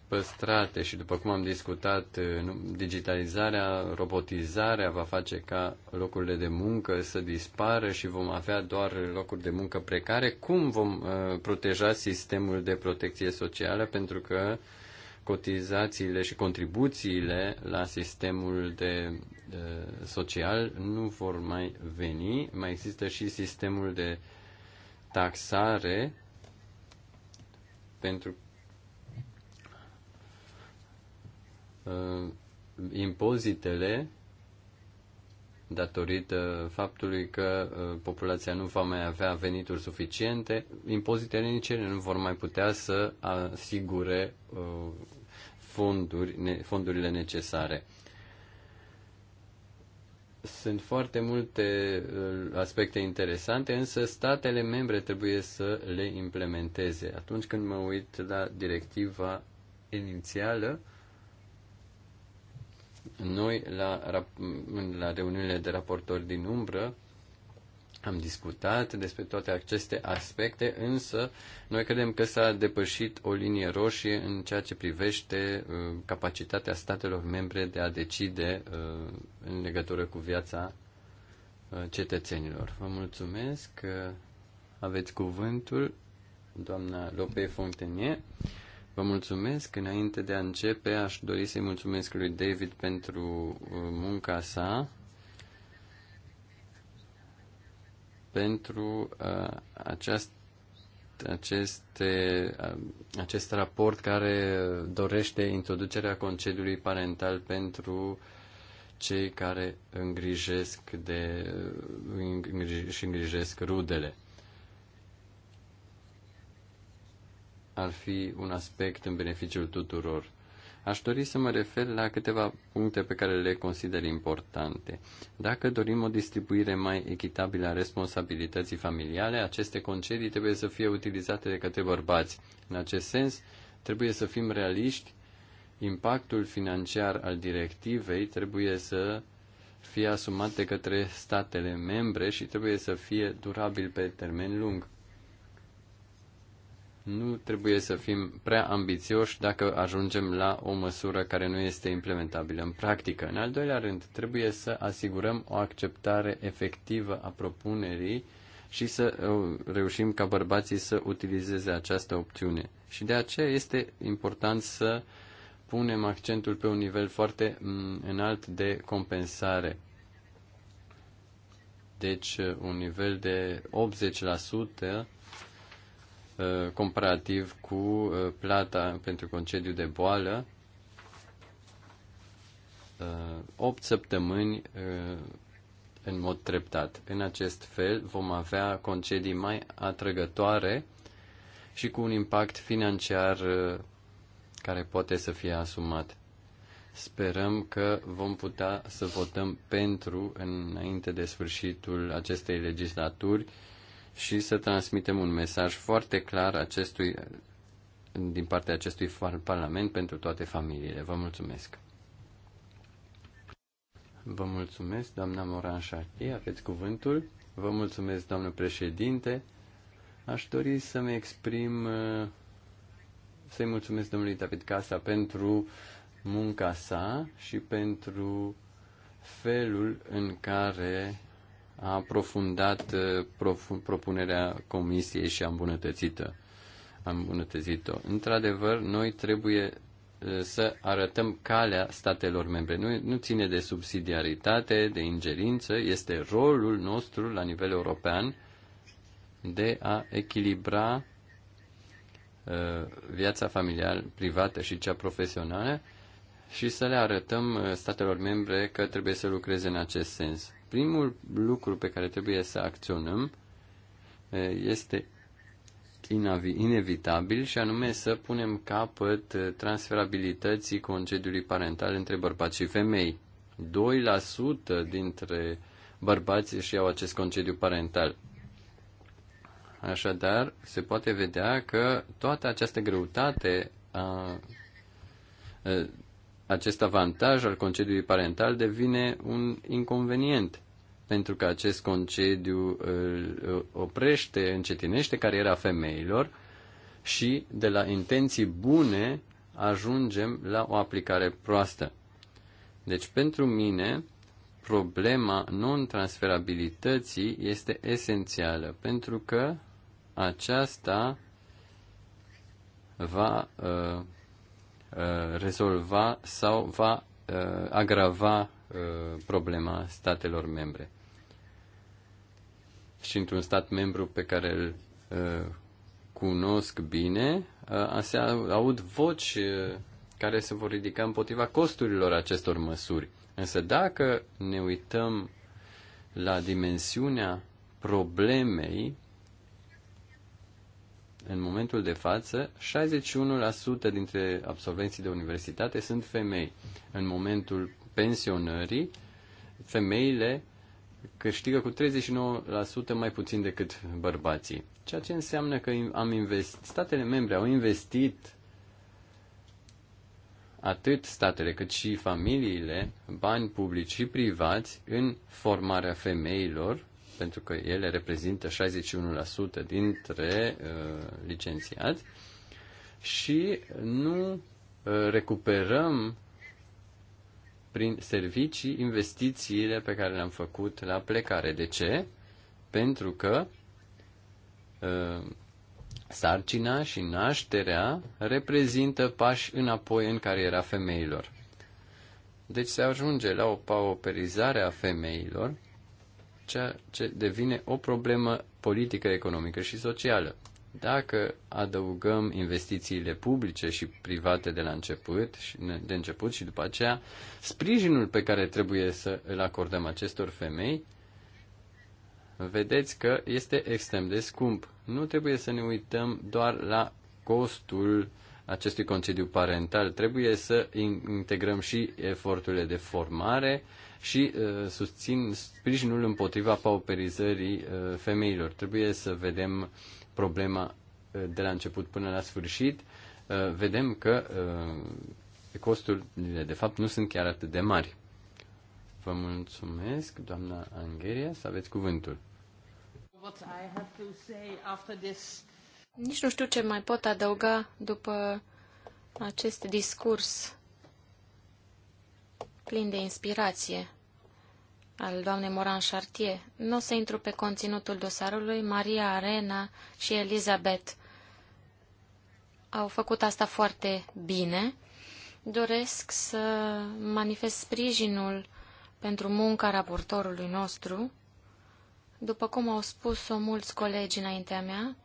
păstrate și după cum am discutat, uh, digitalizarea, robotizarea va face ca locurile de muncă să dispară și vom avea doar locuri de muncă precare, cum vom proteja sistemul de protecție socială? Pentru că uh, cotizațiile și contribuțiile la sistemul de social nu vor mai veni. Mai există și sistemul de taxare pentru uh, impozitele datorită faptului că uh, populația nu va mai avea venituri suficiente, impozitele nici ele nu vor mai putea să asigure uh, fonduri, fondurile necesare. Sunt foarte multe uh, aspecte interesante, însă statele membre trebuie să le implementeze. Atunci când mă uit la directiva inițială, uh, noi, la, la reuniunile de raportori din umbră, am discutat despre toate aceste aspecte, însă noi credem că s-a depășit o linie roșie în ceea ce privește uh, capacitatea statelor membre de a decide uh, în legătură cu viața uh, cetățenilor. Vă mulțumesc că aveți cuvântul, doamna Lope Fontenier. Vă mulțumesc. Înainte de a începe, aș dori să-i mulțumesc lui David pentru uh, munca sa, pentru uh, această aceste, uh, acest raport care dorește introducerea concediului parental pentru cei care îngrijesc de, uh, îngri, și îngrijesc rudele. ar fi un aspect în beneficiul tuturor. Aș dori să mă refer la câteva puncte pe care le consider importante. Dacă dorim o distribuire mai echitabilă a responsabilității familiale, aceste concedii trebuie să fie utilizate de către bărbați. În acest sens, trebuie să fim realiști, impactul financiar al directivei trebuie să fie asumat de către statele membre și trebuie să fie durabil pe termen lung. Nu trebuie să fim prea ambițioși dacă ajungem la o măsură care nu este implementabilă în practică. În al doilea rând, trebuie să asigurăm o acceptare efectivă a propunerii și să uh, reușim ca bărbații să utilizeze această opțiune. Și de aceea este important să punem accentul pe un nivel foarte mm, înalt de compensare. Deci uh, un nivel de 80% Uh, comparativ cu uh, plata pentru concediu de boală, 8 uh, săptămâni în mod treptat. În acest fel vom avea concedii mai atrăgătoare și cu un impact financiar care poate să fie asumat. Sperăm că vom putea să votăm pentru înainte de sfârșitul acestei legislaturi și să transmitem un mesaj foarte clar acestui, din partea acestui Parlament pentru toate familiile. Vă mulțumesc! Vă mulțumesc, doamna Moran Chartier, aveți cuvântul. Vă mulțumesc, doamnă președinte. Aș dori să-mi exprim, uh, să-i mulțumesc domnului David Casa pentru munca sa și pentru felul în care a aprofundat uh, propunerea comisiei și a îmbunătățită. A îmbunătățit-o. Într-adevăr, noi trebuie uh, să arătăm calea statelor membre. Nu, nu ține de subsidiaritate, de ingerință, este rolul nostru la nivel european de a echilibra uh, viața familială, privată și cea profesională și să le arătăm uh, statelor membre că trebuie să lucreze în acest sens. Primul lucru pe care trebuie să acționăm uh, este inevitabil și anume să punem capăt uh, transferabilității concediului parental între bărbați și femei. 2% dintre bărbați își iau acest concediu parental. Așadar, se poate vedea că toată această greutate a, a acest avantaj al concediului parental devine un inconvenient, pentru că acest concediu îl oprește, încetinește cariera femeilor și de la intenții bune ajungem la o aplicare proastă. Deci, pentru mine, problema non-transferabilității este esențială, pentru că aceasta va uh, Uh, rezolva sau va uh, agrava uh, problema statelor membre. Și într-un stat membru pe care îl cunosc bine, se aud voci care se vor ridica împotriva costurilor acestor măsuri. Însă dacă ne uităm la dimensiunea problemei în momentul de față, 61% dintre absolvenții de universitate sunt femei. În momentul pensionării, femeile câștigă cu 39% mai puțin decât bărbații. Ceea ce înseamnă că am investit, statele membre au investit atât statele cât și familiile, bani publici și privați în formarea femeilor pentru că ele reprezintă 61% dintre uh, licențiați și nu uh, recuperăm prin servicii investițiile pe care le-am făcut la plecare. De ce? Pentru că uh, sarcina și nașterea reprezintă pași înapoi în cariera femeilor. Deci se ajunge la o pauperizare a femeilor ceea ce devine o problemă politică, economică și socială. Dacă adăugăm investițiile publice și private de la început, de început și după aceea sprijinul pe care trebuie să îl acordăm acestor femei, vedeți că este extrem de scump. Nu trebuie să ne uităm doar la costul acestui concediu parental. Trebuie să integrăm și eforturile de formare, și uh, susțin sprijinul împotriva pauperizării uh, femeilor. Trebuie să vedem problema uh, de la început până la sfârșit. Uh, vedem că uh, costurile, de fapt, nu sunt chiar atât de mari. Vă mulțumesc, doamna Angheria, să aveți cuvântul. Nici nu știu ce mai pot adăuga după acest discurs plin de inspirație al doamnei Moran Chartier. Nu o să intru pe conținutul dosarului. Maria Arena și Elizabeth au făcut asta foarte bine. Doresc să manifest sprijinul pentru munca raportorului nostru. După cum au spus-o mulți colegi înaintea mea,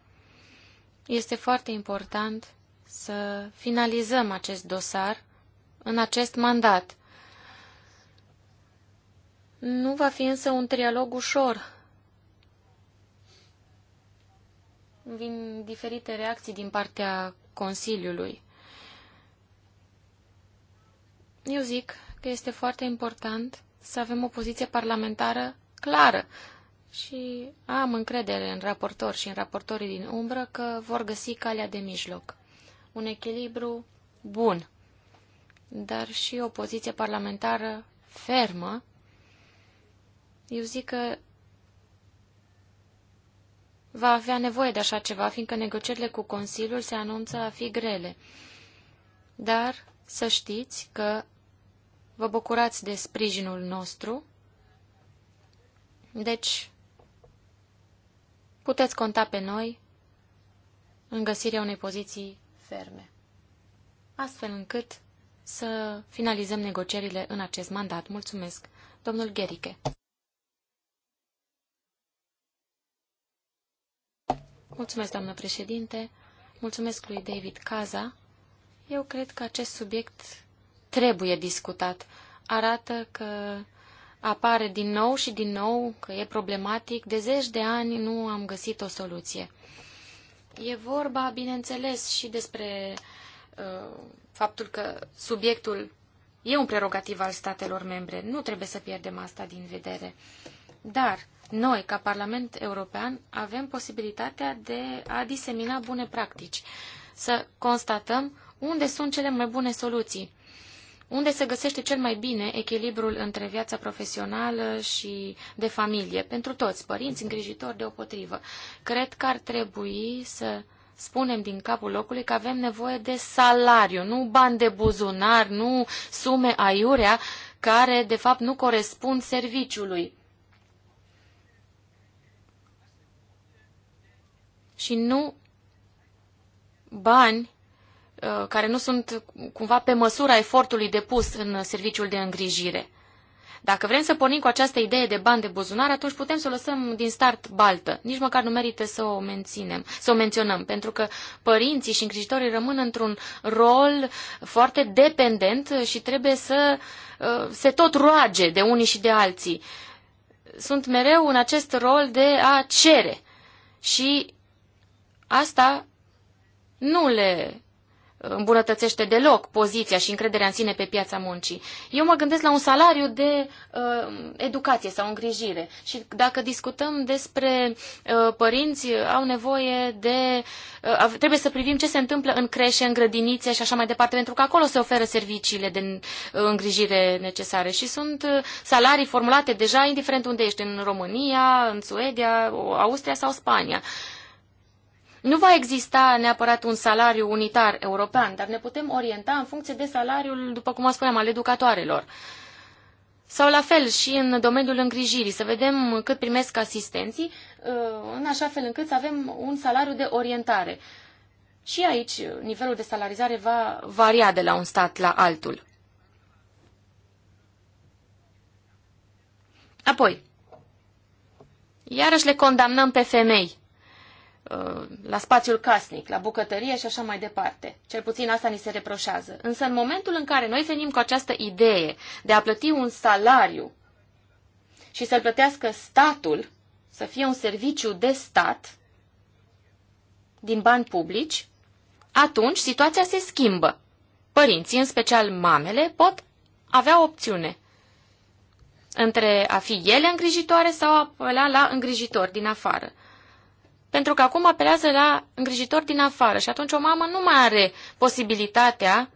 este foarte important să finalizăm acest dosar în acest mandat. Nu va fi însă un trialog ușor. Vin diferite reacții din partea Consiliului. Eu zic că este foarte important să avem o poziție parlamentară clară și am încredere în raportor și în raportorii din umbră că vor găsi calea de mijloc. Un echilibru bun, dar și o poziție parlamentară fermă eu zic că va avea nevoie de așa ceva, fiindcă negocierile cu Consiliul se anunță a fi grele. Dar să știți că vă bucurați de sprijinul nostru, deci puteți conta pe noi în găsirea unei poziții ferme, astfel încât să finalizăm negocierile în acest mandat. Mulțumesc, domnul Gherike. Mulțumesc, doamnă președinte. Mulțumesc lui David Caza. Eu cred că acest subiect trebuie discutat. Arată că apare din nou și din nou, că e problematic. De zeci de ani nu am găsit o soluție. E vorba, bineînțeles, și despre uh, faptul că subiectul e un prerogativ al statelor membre. Nu trebuie să pierdem asta din vedere. Dar noi, ca Parlament European, avem posibilitatea de a disemina bune practici, să constatăm unde sunt cele mai bune soluții, unde se găsește cel mai bine echilibrul între viața profesională și de familie, pentru toți, părinți, îngrijitori, deopotrivă. Cred că ar trebui să spunem din capul locului că avem nevoie de salariu, nu bani de buzunar, nu sume aiurea, care de fapt nu corespund serviciului și nu bani uh, care nu sunt cumva pe măsura efortului depus în serviciul de îngrijire. Dacă vrem să pornim cu această idee de bani de buzunar, atunci putem să o lăsăm din start baltă. Nici măcar nu merită să o menținem, să o menționăm, pentru că părinții și îngrijitorii rămân într-un rol foarte dependent și trebuie să uh, se tot roage de unii și de alții. Sunt mereu în acest rol de a cere și asta nu le îmbunătățește deloc poziția și încrederea în sine pe piața muncii. Eu mă gândesc la un salariu de uh, educație sau îngrijire. Și dacă discutăm despre uh, părinți, au nevoie de... Uh, trebuie să privim ce se întâmplă în creșe, în grădinițe și așa mai departe, pentru că acolo se oferă serviciile de uh, îngrijire necesare. Și sunt uh, salarii formulate deja, indiferent unde ești, în România, în Suedia, Austria sau Spania. Uh, nu va exista neapărat un salariu unitar european, dar ne putem orienta în funcție de salariul, după cum o spuneam, al educatoarelor. Sau la fel și în domeniul îngrijirii, să vedem cât primesc asistenții, ă, în așa fel încât să avem un salariu de orientare. Și aici nivelul de salarizare va varia de la un stat la altul. Apoi, iarăși le condamnăm pe femei. Uh, la spațiul casnic, la bucătărie și așa mai departe. Cel puțin asta ni se reproșează. Însă în momentul în care noi venim cu această idee de a plăti un salariu și să-l plătească statul, să fie un serviciu de stat din bani publici, atunci situația se schimbă. Părinții, în special mamele, pot avea opțiune între a fi ele îngrijitoare sau a apela la îngrijitori din afară pentru că acum apelează la îngrijitor din afară și atunci o mamă nu mai are posibilitatea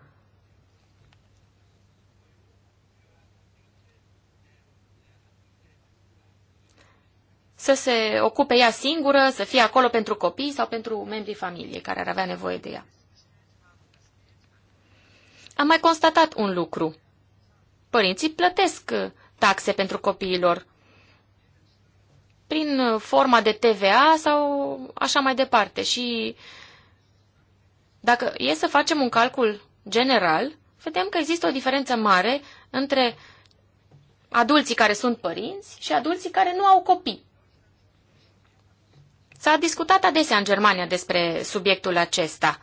să se ocupe ea singură, să fie acolo pentru copii sau pentru membrii familiei care ar avea nevoie de ea. Am mai constatat un lucru. Părinții plătesc taxe pentru copiilor prin uh, forma de TVA sau așa mai departe. Și dacă e să facem un calcul general, vedem că există o diferență mare între adulții care sunt părinți și adulții care nu au copii. S-a discutat adesea în Germania despre subiectul acesta.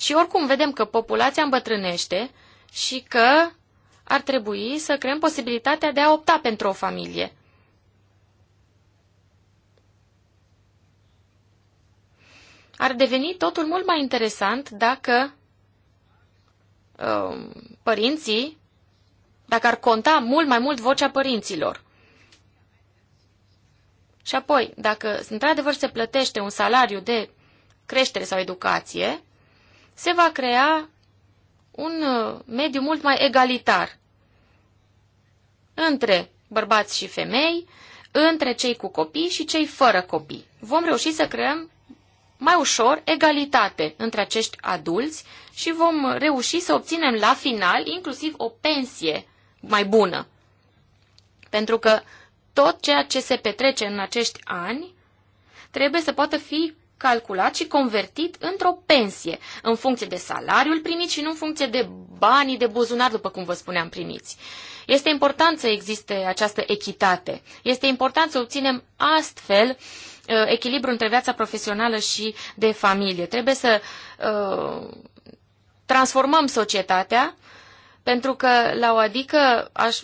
Și oricum vedem că populația îmbătrânește și că ar trebui să creăm posibilitatea de a opta pentru o familie. ar deveni totul mult mai interesant dacă um, părinții, dacă ar conta mult mai mult vocea părinților. Și apoi, dacă într-adevăr se plătește un salariu de creștere sau educație, se va crea un uh, mediu mult mai egalitar între bărbați și femei, între cei cu copii și cei fără copii. Vom reuși să creăm mai ușor egalitate între acești adulți și vom reuși să obținem la final inclusiv o pensie mai bună. Pentru că tot ceea ce se petrece în acești ani trebuie să poată fi calculat și convertit într-o pensie, în funcție de salariul primit și nu în funcție de banii de buzunar, după cum vă spuneam, primiți. Este important să existe această echitate. Este important să obținem astfel uh, Uh, echilibru între viața profesională și de familie. Trebuie să uh, transformăm societatea, pentru că la o adică aș,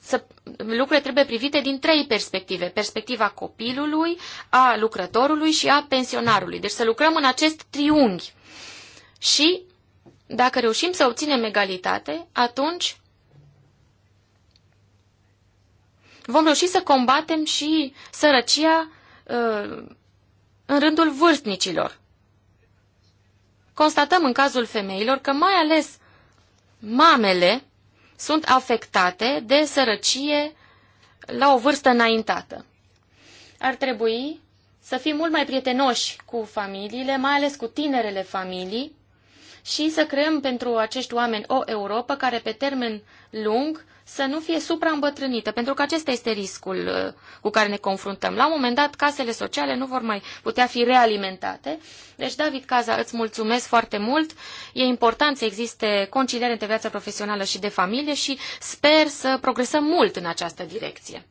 să, lucrurile trebuie privite din trei perspective. Perspectiva copilului, a lucrătorului și a pensionarului. Deci să lucrăm în acest triunghi. Și dacă reușim să obținem egalitate, atunci vom reuși să combatem și sărăcia Uh, în rândul vârstnicilor. Constatăm în cazul femeilor că mai ales mamele sunt afectate de sărăcie la o vârstă înaintată. Ar trebui să fim mult mai prietenoși cu familiile, mai ales cu tinerele familii, și să creăm pentru acești oameni o Europa care pe termen lung să nu fie supraîmbătrânită, pentru că acesta este riscul uh, cu care ne confruntăm. La un moment dat, casele sociale nu vor mai putea fi realimentate. Deci, David Caza, îți mulțumesc foarte mult. E important să existe conciliere între viața profesională și de familie și sper să progresăm mult în această direcție.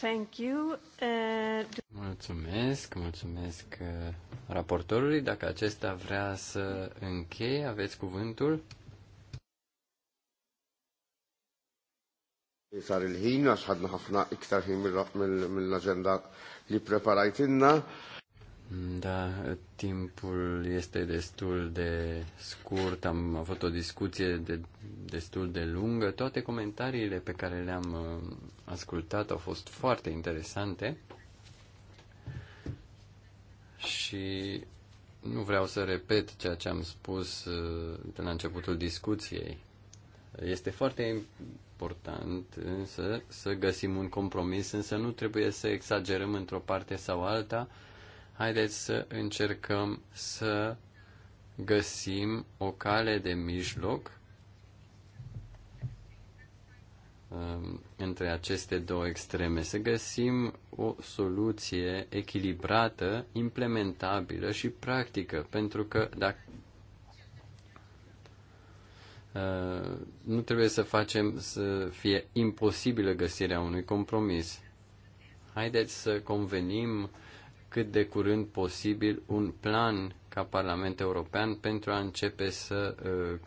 Thank you. Uh... Mulțumesc, mulțumesc uh, raportorului. Dacă acesta vrea să încheie, aveți cuvântul. صار الهين għax ħadna ħafna iktar ħin mill-agenda li preparajtinna. Da, timpul este destul de scurt, am avut o discuție de, destul de lungă. Toate comentariile pe care le-am uh, ascultat au fost foarte interesante și nu vreau să repet ceea ce am spus uh, de la începutul discuției. Este foarte important însă să găsim un compromis, însă nu trebuie să exagerăm într-o parte sau alta. Haideți să încercăm să găsim o cale de mijloc um, între aceste două extreme, să găsim o soluție echilibrată, implementabilă și practică, pentru că dacă Uh, nu trebuie să facem să fie imposibilă găsirea unui compromis. Haideți să convenim cât de curând posibil un plan ca Parlament European pentru a începe să uh,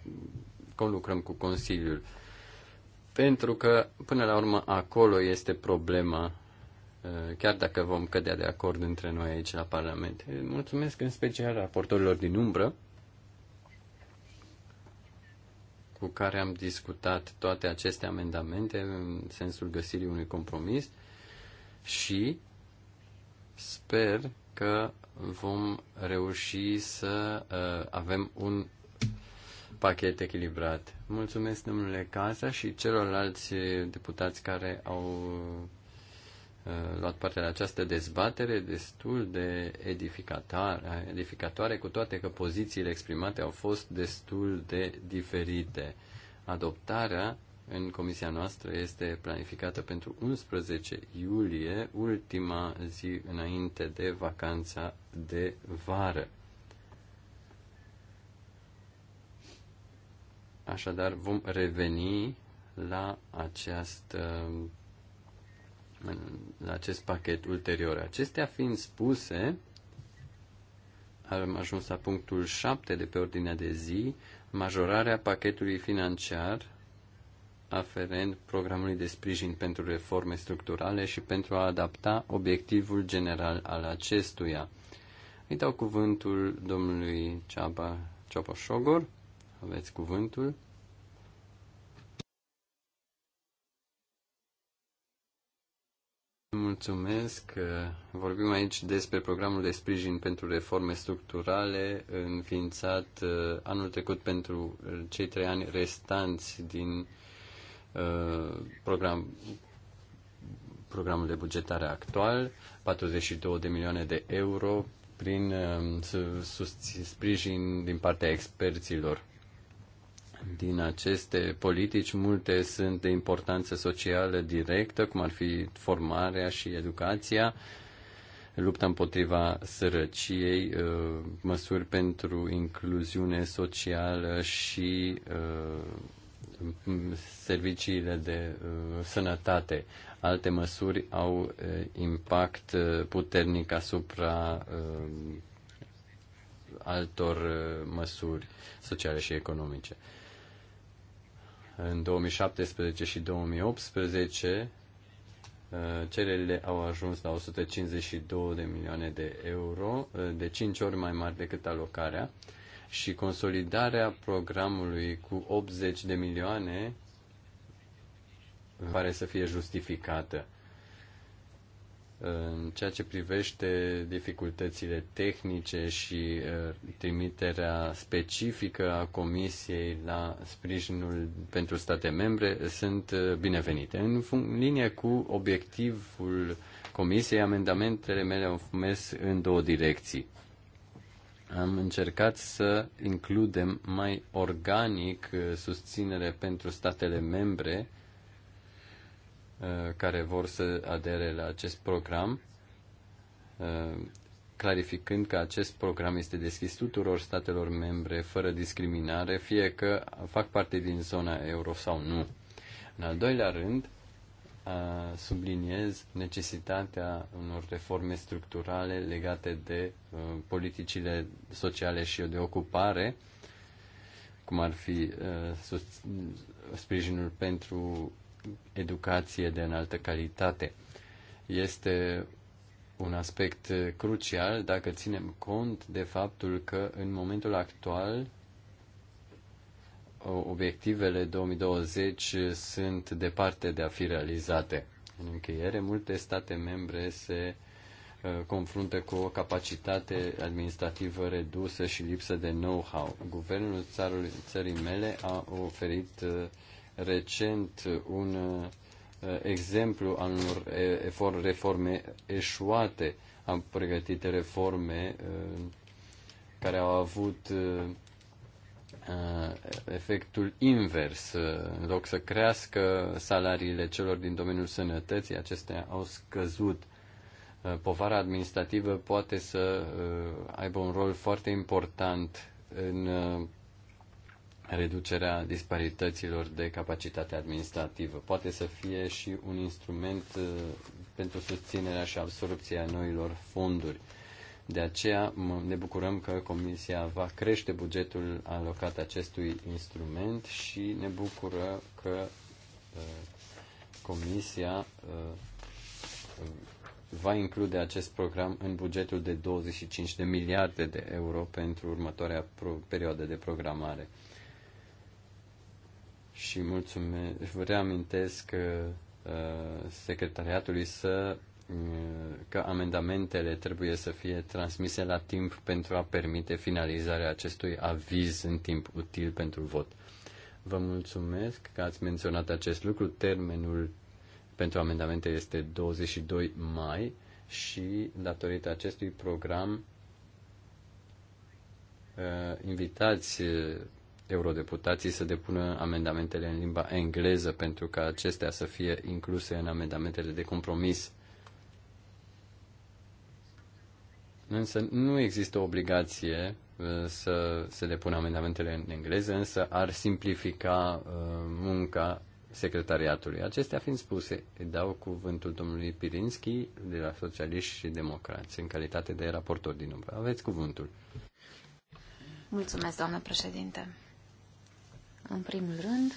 conlucrăm cu Consiliul. Pentru că, până la urmă, acolo este problema, uh, chiar dacă vom cădea de acord între noi aici la Parlament. Mulțumesc în special raportorilor din umbră cu care am discutat toate aceste amendamente în sensul găsirii unui compromis și sper că vom reuși să uh, avem un pachet echilibrat. Mulțumesc, domnule Casa, și celorlalți deputați care au Uh, luat parte la această dezbatere destul de edificatoare, cu toate că pozițiile exprimate au fost destul de diferite. Adoptarea în comisia noastră este planificată pentru 11 iulie, ultima zi înainte de vacanța de vară. Așadar, vom reveni la această în acest pachet ulterior. Acestea fiind spuse, am ajuns la punctul 7 de pe ordinea de zi, majorarea pachetului financiar aferent programului de sprijin pentru reforme structurale și pentru a adapta obiectivul general al acestuia. Îi dau cuvântul domnului Ceaba Ciopoșogor. Aveți cuvântul. Mulțumesc. Uh, vorbim aici despre programul de sprijin pentru reforme structurale înființat uh, anul trecut pentru cei trei ani restanți din uh, program, programul de bugetare actual, 42 de milioane de euro prin sprijin din partea experților din aceste politici, multe sunt de importanță socială directă, cum ar fi formarea și educația, lupta împotriva sărăciei, uh, măsuri pentru incluziune socială și uh, serviciile de uh, sănătate. Alte măsuri au impact puternic asupra altor măsuri sociale și economice. În 2017 și 2018 uh, cererile au ajuns la 152 de milioane de euro, uh, de 5 ori mai mari decât alocarea și consolidarea programului cu 80 de milioane pare să fie justificată. În ceea ce privește dificultățile tehnice și trimiterea specifică a Comisiei la sprijinul pentru state membre sunt binevenite. În linie cu obiectivul Comisiei, amendamentele mele au mers în două direcții. Am încercat să includem mai organic susținere pentru statele membre Uh, care vor să adere la acest program, uh, clarificând că acest program este deschis tuturor statelor membre fără discriminare, fie că fac parte din zona euro sau nu. În al doilea rând, subliniez necesitatea unor reforme structurale legate de uh, politicile sociale și de ocupare, cum ar fi sprijinul pentru educație de înaltă calitate. Este un aspect crucial dacă ținem cont de faptul că în momentul actual obiectivele 2020 sunt departe de a fi realizate. În încheiere, multe state membre se uh, confruntă cu o capacitate administrativă redusă și lipsă de know-how. Guvernul țarului, țării mele a oferit uh, recent un uh, exemplu al unor reforme eșuate. Am pregătit reforme uh, care au avut uh, efectul invers. În loc să crească salariile celor din domeniul sănătății, acestea au scăzut. Povara administrativă poate să aibă un rol foarte important în reducerea disparităților de capacitate administrativă. Poate să fie și un instrument uh, pentru susținerea și absorpția noilor fonduri. De aceea ne bucurăm că Comisia va crește bugetul alocat acestui instrument și ne bucură că uh, Comisia uh, va include acest program în bugetul de 25 de miliarde de euro pentru următoarea perioadă de programare și mulțumesc, vă reamintesc uh, secretariatului să uh, că amendamentele trebuie să fie transmise la timp pentru a permite finalizarea acestui aviz în timp util pentru vot. Vă mulțumesc că ați menționat acest lucru. Termenul pentru amendamente este 22 mai și datorită acestui program uh, invitați uh, eurodeputații să depună amendamentele în limba engleză pentru ca acestea să fie incluse în amendamentele de compromis. Însă nu există obligație uh, să se depună amendamentele în engleză, însă ar simplifica uh, munca secretariatului. Acestea fiind spuse, îi dau cuvântul domnului Pirinski de la Socialiști și Democrați în calitate de raportor din umbră. Aveți cuvântul. Mulțumesc, doamnă președinte. În primul rând,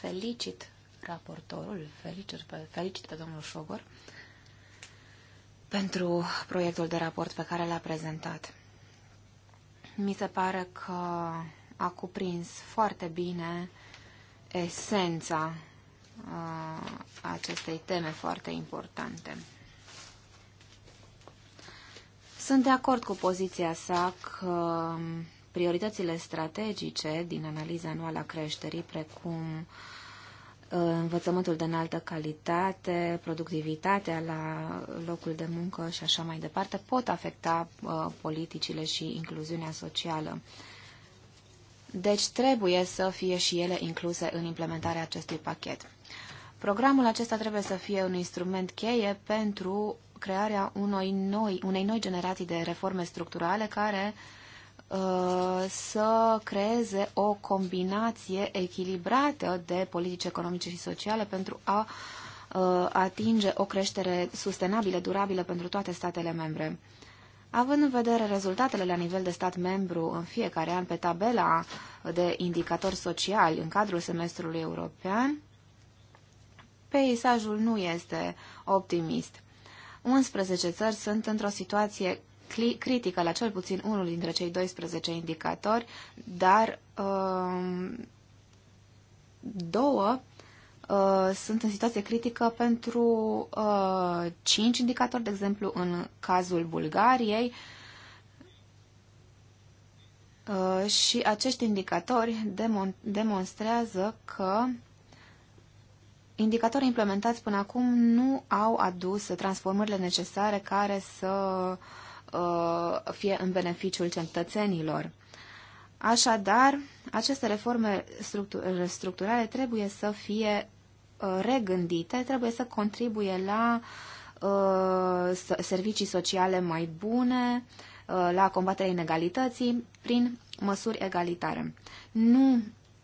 felicit raportorul, felicit pe, felicit pe domnul Șogor pentru proiectul de raport pe care l-a prezentat. Mi se pare că a cuprins foarte bine esența uh, acestei teme foarte importante. Sunt de acord cu poziția sa că prioritățile strategice din analiza anuală a creșterii, precum uh, învățământul de înaltă calitate, productivitatea la locul de muncă și așa mai departe, pot afecta uh, politicile și incluziunea socială. Deci trebuie să fie și ele incluse în implementarea acestui pachet. Programul acesta trebuie să fie un instrument cheie pentru crearea unei noi, unei noi generații de reforme structurale care uh, Uh, să creeze o combinație echilibrată de politici economice și sociale pentru a uh, atinge o creștere sustenabilă, durabilă pentru toate statele membre. Având în vedere rezultatele la nivel de stat membru în fiecare an pe tabela de indicatori sociali în cadrul semestrului european, peisajul nu este optimist. 11 țări sunt într-o situație critică la cel puțin unul dintre cei 12 indicatori, dar um, două uh, sunt în situație critică pentru uh, cinci indicatori, de exemplu în cazul Bulgariei, uh, și acești indicatori demonstrează că indicatorii implementați până acum nu au adus transformările necesare care să uh, Uh, fie în beneficiul cetățenilor. Așadar, aceste reforme structurale trebuie să fie uh, regândite, trebuie să contribuie la uh, servicii sociale mai bune, la combaterea inegalității prin măsuri egalitare. Nu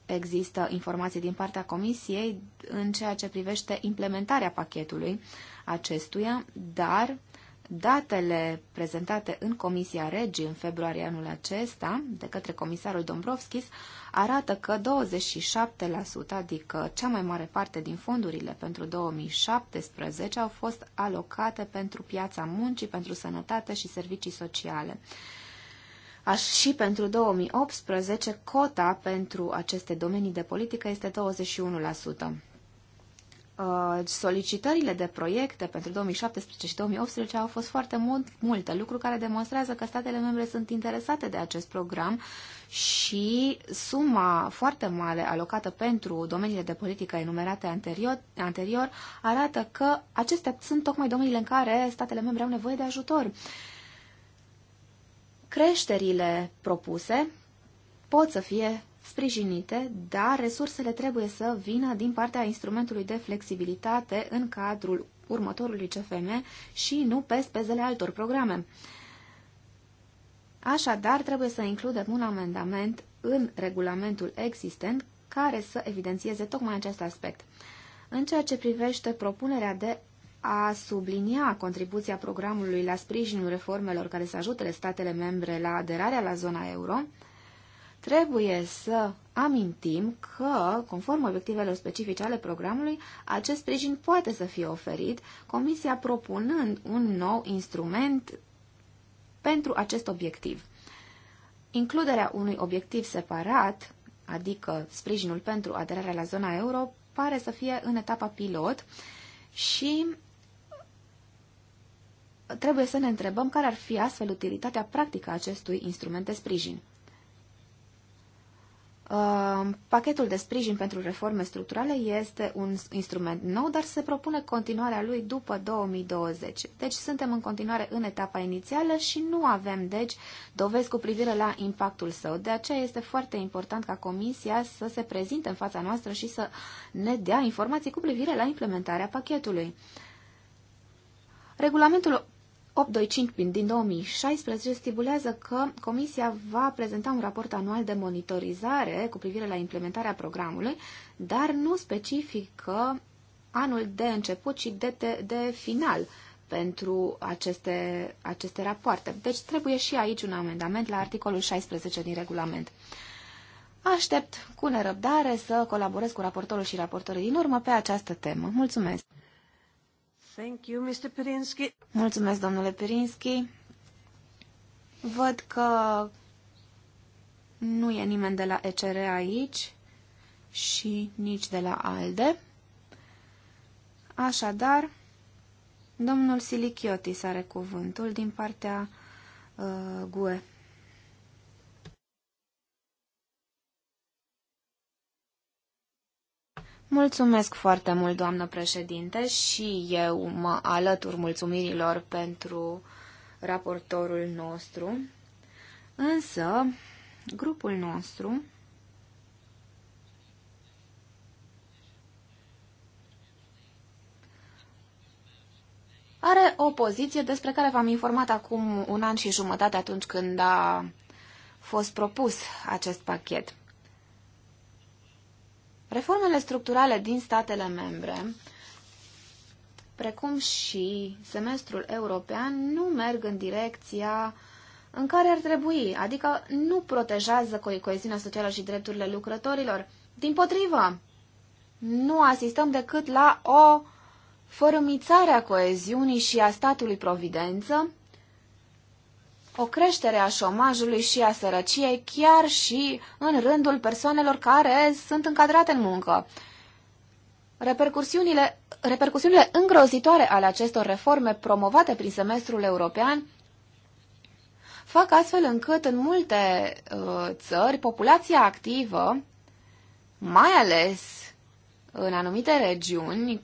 există informații din partea Comisiei în ceea ce privește implementarea pachetului acestuia, dar datele prezentate în Comisia Regi în februarie anul acesta, de către comisarul Dombrovskis, arată că 27%, adică cea mai mare parte din fondurile pentru 2017, au fost alocate pentru piața muncii, pentru sănătate și servicii sociale. Aș și pentru 2018, cota pentru aceste domenii de politică este 21%. Uh, solicitările de proiecte pentru 2017 și 2018 au fost foarte mult, multe, lucru care demonstrează că statele membre sunt interesate de acest program și suma foarte mare alocată pentru domeniile de politică enumerate anterior, anterior arată că acestea sunt tocmai domeniile în care statele membre au nevoie de ajutor. Creșterile propuse pot să fie sprijinite, dar resursele trebuie să vină din partea instrumentului de flexibilitate în cadrul următorului CFM și nu pe spezele altor programe. Așadar, trebuie să includem un amendament în regulamentul existent care să evidențieze tocmai acest aspect. În ceea ce privește propunerea de a sublinia contribuția programului la sprijinul reformelor care să ajute statele membre la aderarea la zona euro, Trebuie să amintim că, conform obiectivelor specifice ale programului, acest sprijin poate să fie oferit, Comisia propunând un nou instrument pentru acest obiectiv. Includerea unui obiectiv separat, adică sprijinul pentru aderarea la zona euro, pare să fie în etapa pilot și trebuie să ne întrebăm care ar fi astfel utilitatea practică a acestui instrument de sprijin. Pachetul de sprijin pentru reforme structurale este un instrument nou, dar se propune continuarea lui după 2020. Deci suntem în continuare în etapa inițială și nu avem, deci, dovezi cu privire la impactul său. De aceea este foarte important ca Comisia să se prezinte în fața noastră și să ne dea informații cu privire la implementarea pachetului. Regulamentul 825 din 2016 stipulează că Comisia va prezenta un raport anual de monitorizare cu privire la implementarea programului, dar nu specifică anul de început și de, de, de final pentru aceste, aceste rapoarte. Deci trebuie și aici un amendament la articolul 16 din regulament. Aștept cu nerăbdare să colaborez cu raportorul și raportorii din urmă pe această temă. Mulțumesc! Mulțumesc, domnule Perinski. Văd că nu e nimeni de la ECR aici și nici de la ALDE. Așadar, domnul Silichiotis are cuvântul din partea uh, GUE. Mulțumesc foarte mult, doamnă președinte, și eu mă alătur mulțumirilor pentru raportorul nostru. Însă, grupul nostru are o poziție despre care v-am informat acum un an și jumătate atunci când a fost propus acest pachet. Reformele structurale din statele membre, precum și semestrul european, nu merg în direcția în care ar trebui, adică nu protejează co coeziunea socială și drepturile lucrătorilor. Din potrivă, nu asistăm decât la o fărâmițare a coeziunii și a statului providență, o creștere a șomajului și a sărăciei chiar și în rândul persoanelor care sunt încadrate în muncă. Repercursiunile, repercursiunile îngrozitoare ale acestor reforme promovate prin semestrul european fac astfel încât în multe uh, țări populația activă, mai ales în anumite regiuni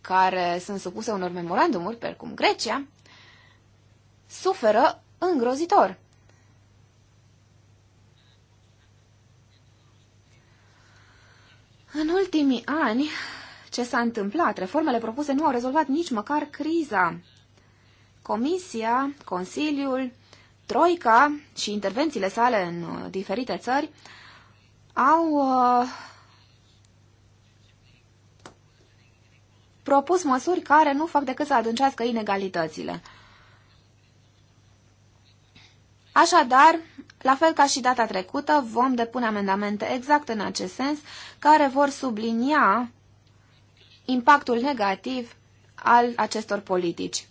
care sunt supuse unor memorandumuri, precum Grecia, suferă îngrozitor. În ultimii ani, ce s-a întâmplat? Reformele propuse nu au rezolvat nici măcar criza. Comisia, Consiliul, Troica și intervențiile sale în uh, diferite țări au uh, propus măsuri care nu fac decât să adâncească inegalitățile. Așadar, la fel ca și data trecută, vom depune amendamente exact în acest sens, care vor sublinia impactul negativ al acestor politici.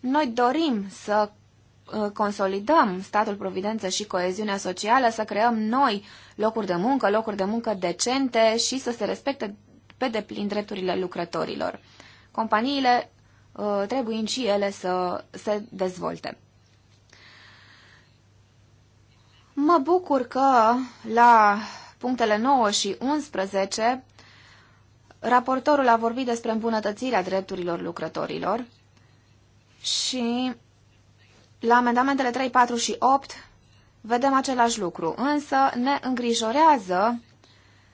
Noi dorim să uh, consolidăm statul providență și coeziunea socială, să creăm noi locuri de muncă, locuri de muncă decente și să se respecte pe deplin drepturile lucrătorilor. Companiile uh, trebuie și ele să se dezvolte. Mă bucur că la punctele 9 și 11 raportorul a vorbit despre îmbunătățirea drepturilor lucrătorilor și la amendamentele 3, 4 și 8 vedem același lucru, însă ne îngrijorează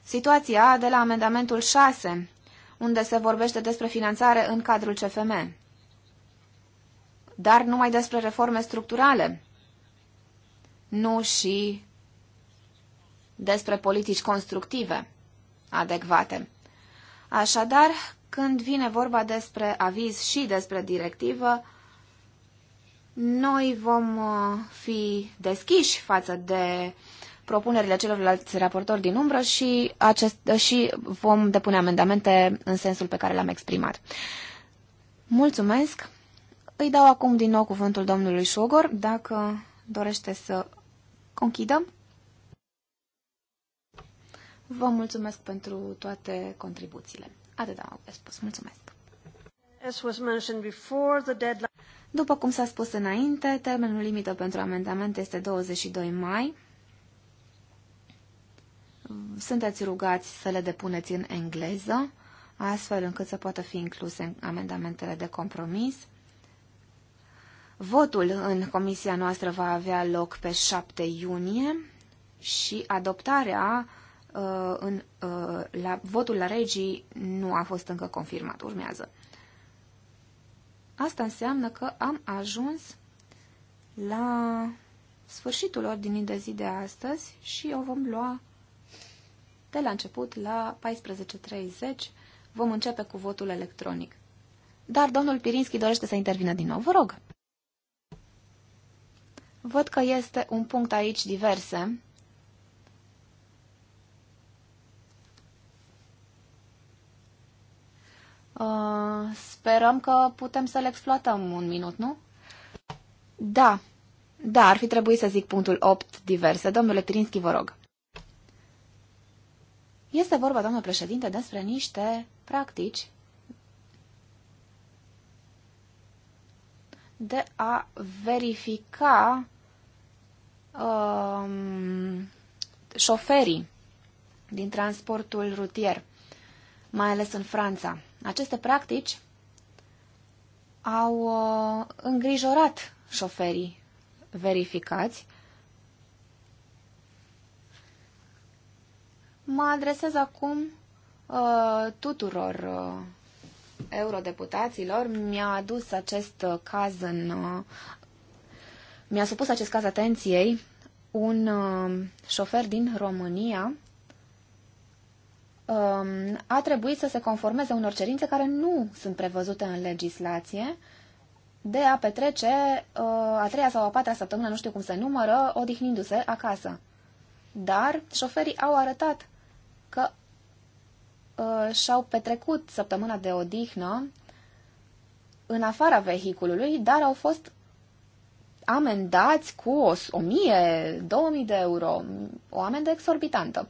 situația de la amendamentul 6, unde se vorbește despre finanțare în cadrul CFM, dar numai despre reforme structurale nu și despre politici constructive adecvate. Așadar, când vine vorba despre aviz și despre directivă, noi vom uh, fi deschiși față de propunerile celorlalți raportori din umbră și, acest, și vom depune amendamente în sensul pe care l-am exprimat. Mulțumesc! Îi dau acum din nou cuvântul domnului Șogor, dacă dorește să conchidă. Vă mulțumesc pentru toate contribuțiile. Atât am avut spus. Mulțumesc. As was mentioned before, the deadline... După cum s-a spus înainte, termenul limită pentru amendamente este 22 mai. Sunteți rugați să le depuneți în engleză, astfel încât să poată fi incluse amendamentele de compromis. Votul în comisia noastră va avea loc pe 7 iunie și adoptarea uh, în, uh, la votul la regii nu a fost încă confirmat, urmează. Asta înseamnă că am ajuns la sfârșitul ordinii de zi de astăzi și o vom lua de la început la 14.30. Vom începe cu votul electronic. Dar domnul Pirinski dorește să intervină din nou. Vă rog! Văd că este un punct aici diverse. Uh, sperăm că putem să-l exploatăm un minut, nu? Da, da, ar fi trebuit să zic punctul 8 diverse. Domnule Pirinski, vă rog. Este vorba, doamnă președinte, despre niște practici de a verifica uh, șoferii din transportul rutier, mai ales în Franța. Aceste practici au uh, îngrijorat șoferii verificați. Mă adresez acum uh, tuturor uh, eurodeputaților. Mi-a adus acest uh, caz în uh, mi-a supus acest caz atenției un um, șofer din România um, a trebuit să se conformeze unor cerințe care nu sunt prevăzute în legislație de a petrece uh, a treia sau a patra săptămână, nu știu cum se numără, odihnindu-se acasă. Dar șoferii au arătat că uh, și-au petrecut săptămâna de odihnă în afara vehiculului, dar au fost amendați cu o, mie, două mii de euro, o amendă exorbitantă.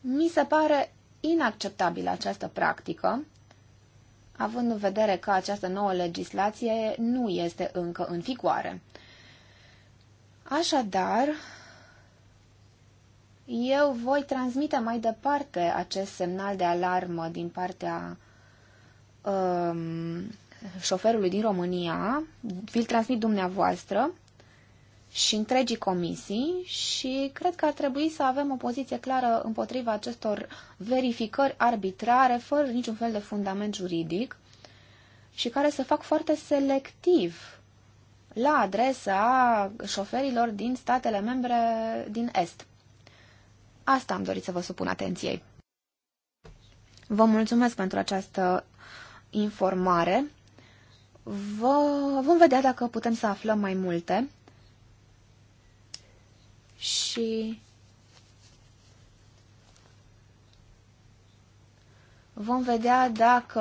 Mi se pare inacceptabilă această practică, având în vedere că această nouă legislație nu este încă în vigoare. Așadar, eu voi transmite mai departe acest semnal de alarmă din partea um, șoferului din România, vi-l transmit dumneavoastră și întregii comisii și cred că ar trebui să avem o poziție clară împotriva acestor verificări arbitrare, fără niciun fel de fundament juridic și care se fac foarte selectiv la adresa șoferilor din statele membre din Est. Asta am dorit să vă supun atenției. Vă mulțumesc pentru această informare. Vă, vom vedea dacă putem să aflăm mai multe. Și vom vedea dacă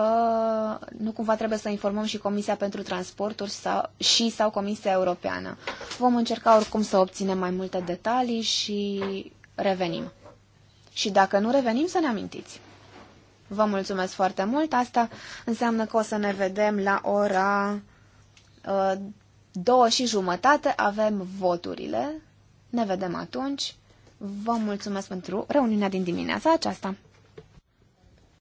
nu cumva trebuie să informăm și Comisia pentru Transporturi sau, și sau Comisia Europeană. Vom încerca oricum să obținem mai multe detalii și revenim. Și dacă nu revenim, să ne amintiți. Vă mulțumesc foarte mult. Asta înseamnă că o să ne vedem la ora uh, două și jumătate. Avem voturile. Ne vedem atunci. Vă mulțumesc pentru reuniunea din dimineața aceasta.